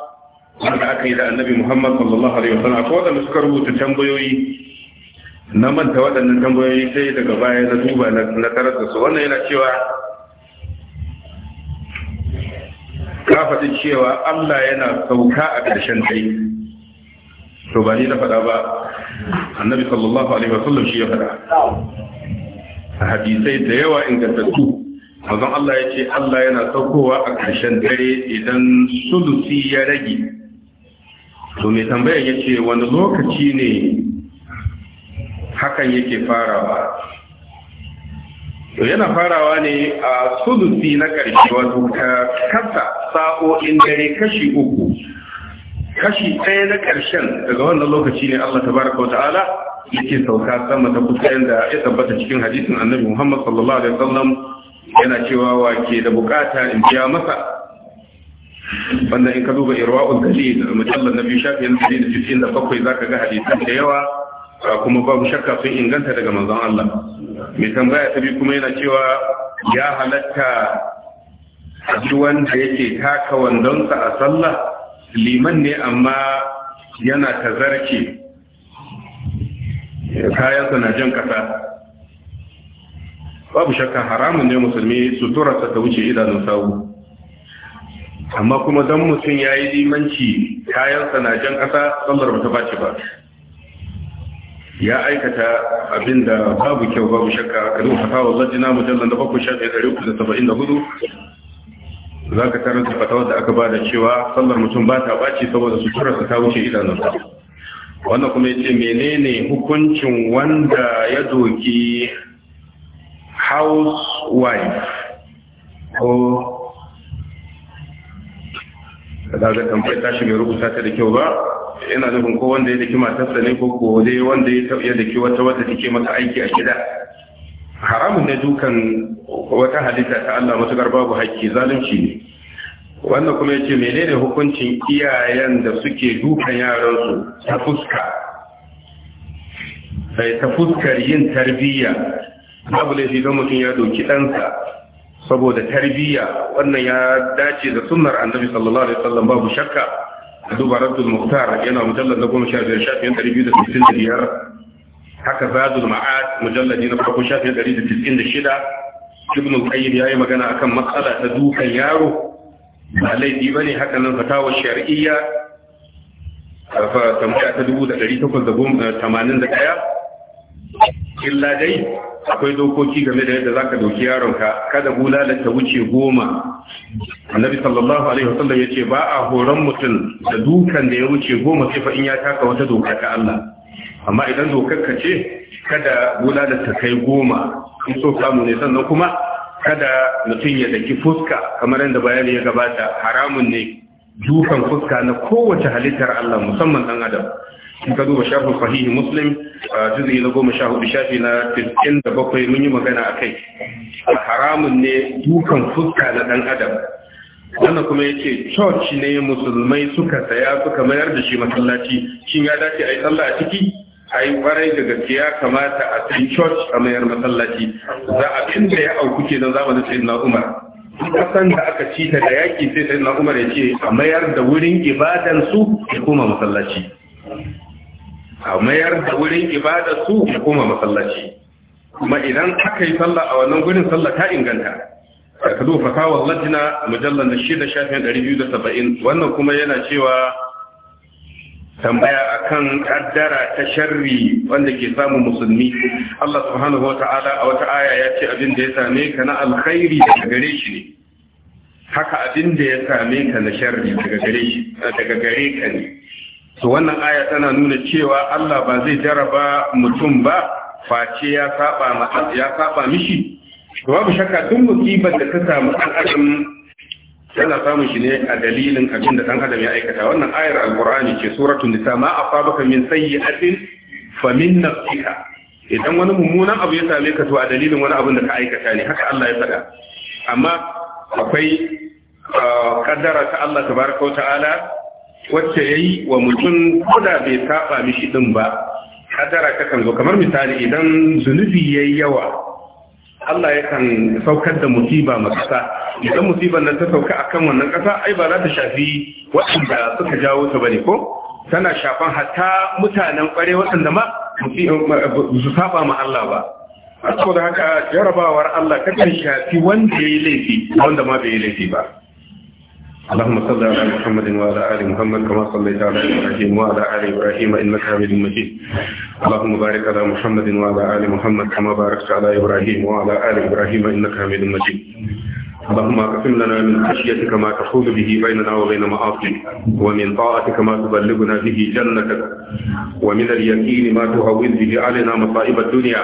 wanda aka yi da annabi Muhammad sallallahu alaihi wasallam akwai wanda suka rubuta tambayoyi na manta waɗannan tambayoyi sai daga baya na duba na tarar su wannan yana cewa ka faɗi cewa Allah yana sauka a ƙarshen dai to ba ni na faɗa ba annabi sallallahu alaihi wasallam shi ya faɗa a hadisai da yawa ingantattu Mazan Allah ya ce Allah yana saukowa a ƙarshen dare idan sulusi ya rage. To mai tambayar ya ce wani lokaci ne hakan yake farawa. To yana farawa ne a sulusi na ƙarshe wato ka kasa sa'o'in dare kashi uku. Kashi ɗaya na ƙarshen daga wannan lokaci ne Allah ta baraka wa ta'ala yake sauka sama ta kusa yadda ya tabbata cikin hadisin annabi Muhammad sallallahu Alaihi wasallam yana cewa wa ke da bukata in biya masa wanda in ka duba irwa'ul dalil mujallal na biyu shafi yanzu da cikin da bakwai zaka ga hadisan da yawa kuma babu shakka sun inganta daga manzon Allah mai tambaya ta bi kuma yana cewa ya halatta duk wanda yake taka wandonsa a sallah liman ne amma yana tazarce kayansa na jan kasa babu shakka haramun ne musulmi suturarsa ta wuce idanun sawu amma kuma don mutum ya yi limanci kayansa na jan ƙasa sallar ba ta bace ba ya aikata abin da babu kyau babu shakka a karin fatawa zajina mujallar da bakwai shafi ɗari uku da saba'in da hudu za ka tarar da da aka ba da cewa sallar mutum ba ta ɓaci saboda suturarsa ta wuce idanun sawu wannan kuma ya ce menene hukuncin wanda ya doki housewife ko da ga fita tashi mai rubuta ta da kyau ba yana nufin ko wanda ya daki matarsa ne ko ko dai wanda ya daki wata wadda take masa aiki a gida haramun ne dukan wata halitta ta Allah matukar babu haƙƙi zalunci ne wannan kuma yace menene hukuncin iyayen da suke dukan yaransu ta fuska sai ta fuskar yin tarbiyya babu laifi don mutum ya doki ɗansa saboda tarbiyya wannan ya dace da sunnar annabi sallallahu alaihi wasallam babu shakka a duba rabdul muhtar yana mujallar na goma sha biyar shafin ɗari biyu da sittin da biyar haka zadul ma'ad mujalladi na farko shafin ɗari da sittin da shida ibn al-qayyim yayi magana akan matsala ta dukan yaro ba laifi bane haka nan fatawa shar'iyya fa tambaya ta ɗaya. illa dai akwai dokoki game da yadda zaka doki yaronka kada bulala ta wuce goma annabi sallallahu alaihi wasallam yace ba a horon mutum da dukan da ya wuce goma sai fa in ya taka wata doka ta Allah amma idan dokar ka ce kada bulala ta kai goma in so samu ne sannan kuma kada mutum ya daki fuska kamar yadda bayani ya gabata haramun ne dukan fuska na kowace halittar Allah musamman dan adam in ka duba shafin sahihi muslim a juzi na goma sha hudu shafi na tilkin da bakwai mun yi magana a kai haramun ne dukan fuska na dan adam wannan kuma ya ce church ne musulmai suka saya suka mayar da shi masallaci shin ya dace a yi a ciki a yi kwarai da ya kamata a cikin church a mayar masallaci za a cin da ya auku ke na zamanin sai na umar kasan da aka ci ta da yaƙi sai sai na umar ya ce a mayar da wurin ibadansu ya koma masallaci a mayar da wurin ibada su ya koma masallaci kuma idan aka yi sallah a wannan gurin sallah ta inganta ka zo fatawar lajina mujallar na shida shafin 270 wannan kuma yana cewa tambaya akan kaddara ta sharri wanda ke samun musulmi Allah subhanahu wata'ala a wata aya ya ce abin da ya same ka na alkhairi daga gare shi ne haka abin da ya same ka na sharri daga gare daga gare ka ne to wannan aya tana nuna cewa Allah ba zai jaraba mutum ba face ya saba ya saba mishi babu shakka duk musibar da ta samu dan adam tana samun shi ne a dalilin abin da dan adam ya aikata wannan ayar alqur'ani ce suratul nisa ma afabaka min sayyi'atin min nafsika idan wani mummunan abu ya same ka to a dalilin wani abin da ka aikata ne haka Allah ya faɗa amma akwai ah, kaddara ta Allah tabaraka wa ta'ala wacce ya yi wa mutum koda bai saba mishi din ba hadara ta kan zo kamar misali idan zunubi ya yi yawa Allah ya kan saukar da musiba ma ƙasa idan musibar nan ta sauka akan wannan ƙasa ai ba za ta shafi waɗanda suka jawo ta bane ko tana shafan hatta mutanen ƙware waɗanda ma su saba ma Allah ba saboda haka jarabawar Allah ta kan shafi wanda ya yi laifi wanda ma bai yi laifi ba اللهم صل على محمد وعلى ال محمد كما صليت على ابراهيم وعلى ال ابراهيم انك حميد مجيد اللهم بارك على محمد وعلى ال محمد كما باركت على ابراهيم وعلى ال ابراهيم انك حميد مجيد اللهم اقسم لنا من خشيتك ما تحول به بيننا وبين معاصيك ومن طاعتك ما تبلغنا به جنتك ومن اليقين ما تهون به علينا مصائب الدنيا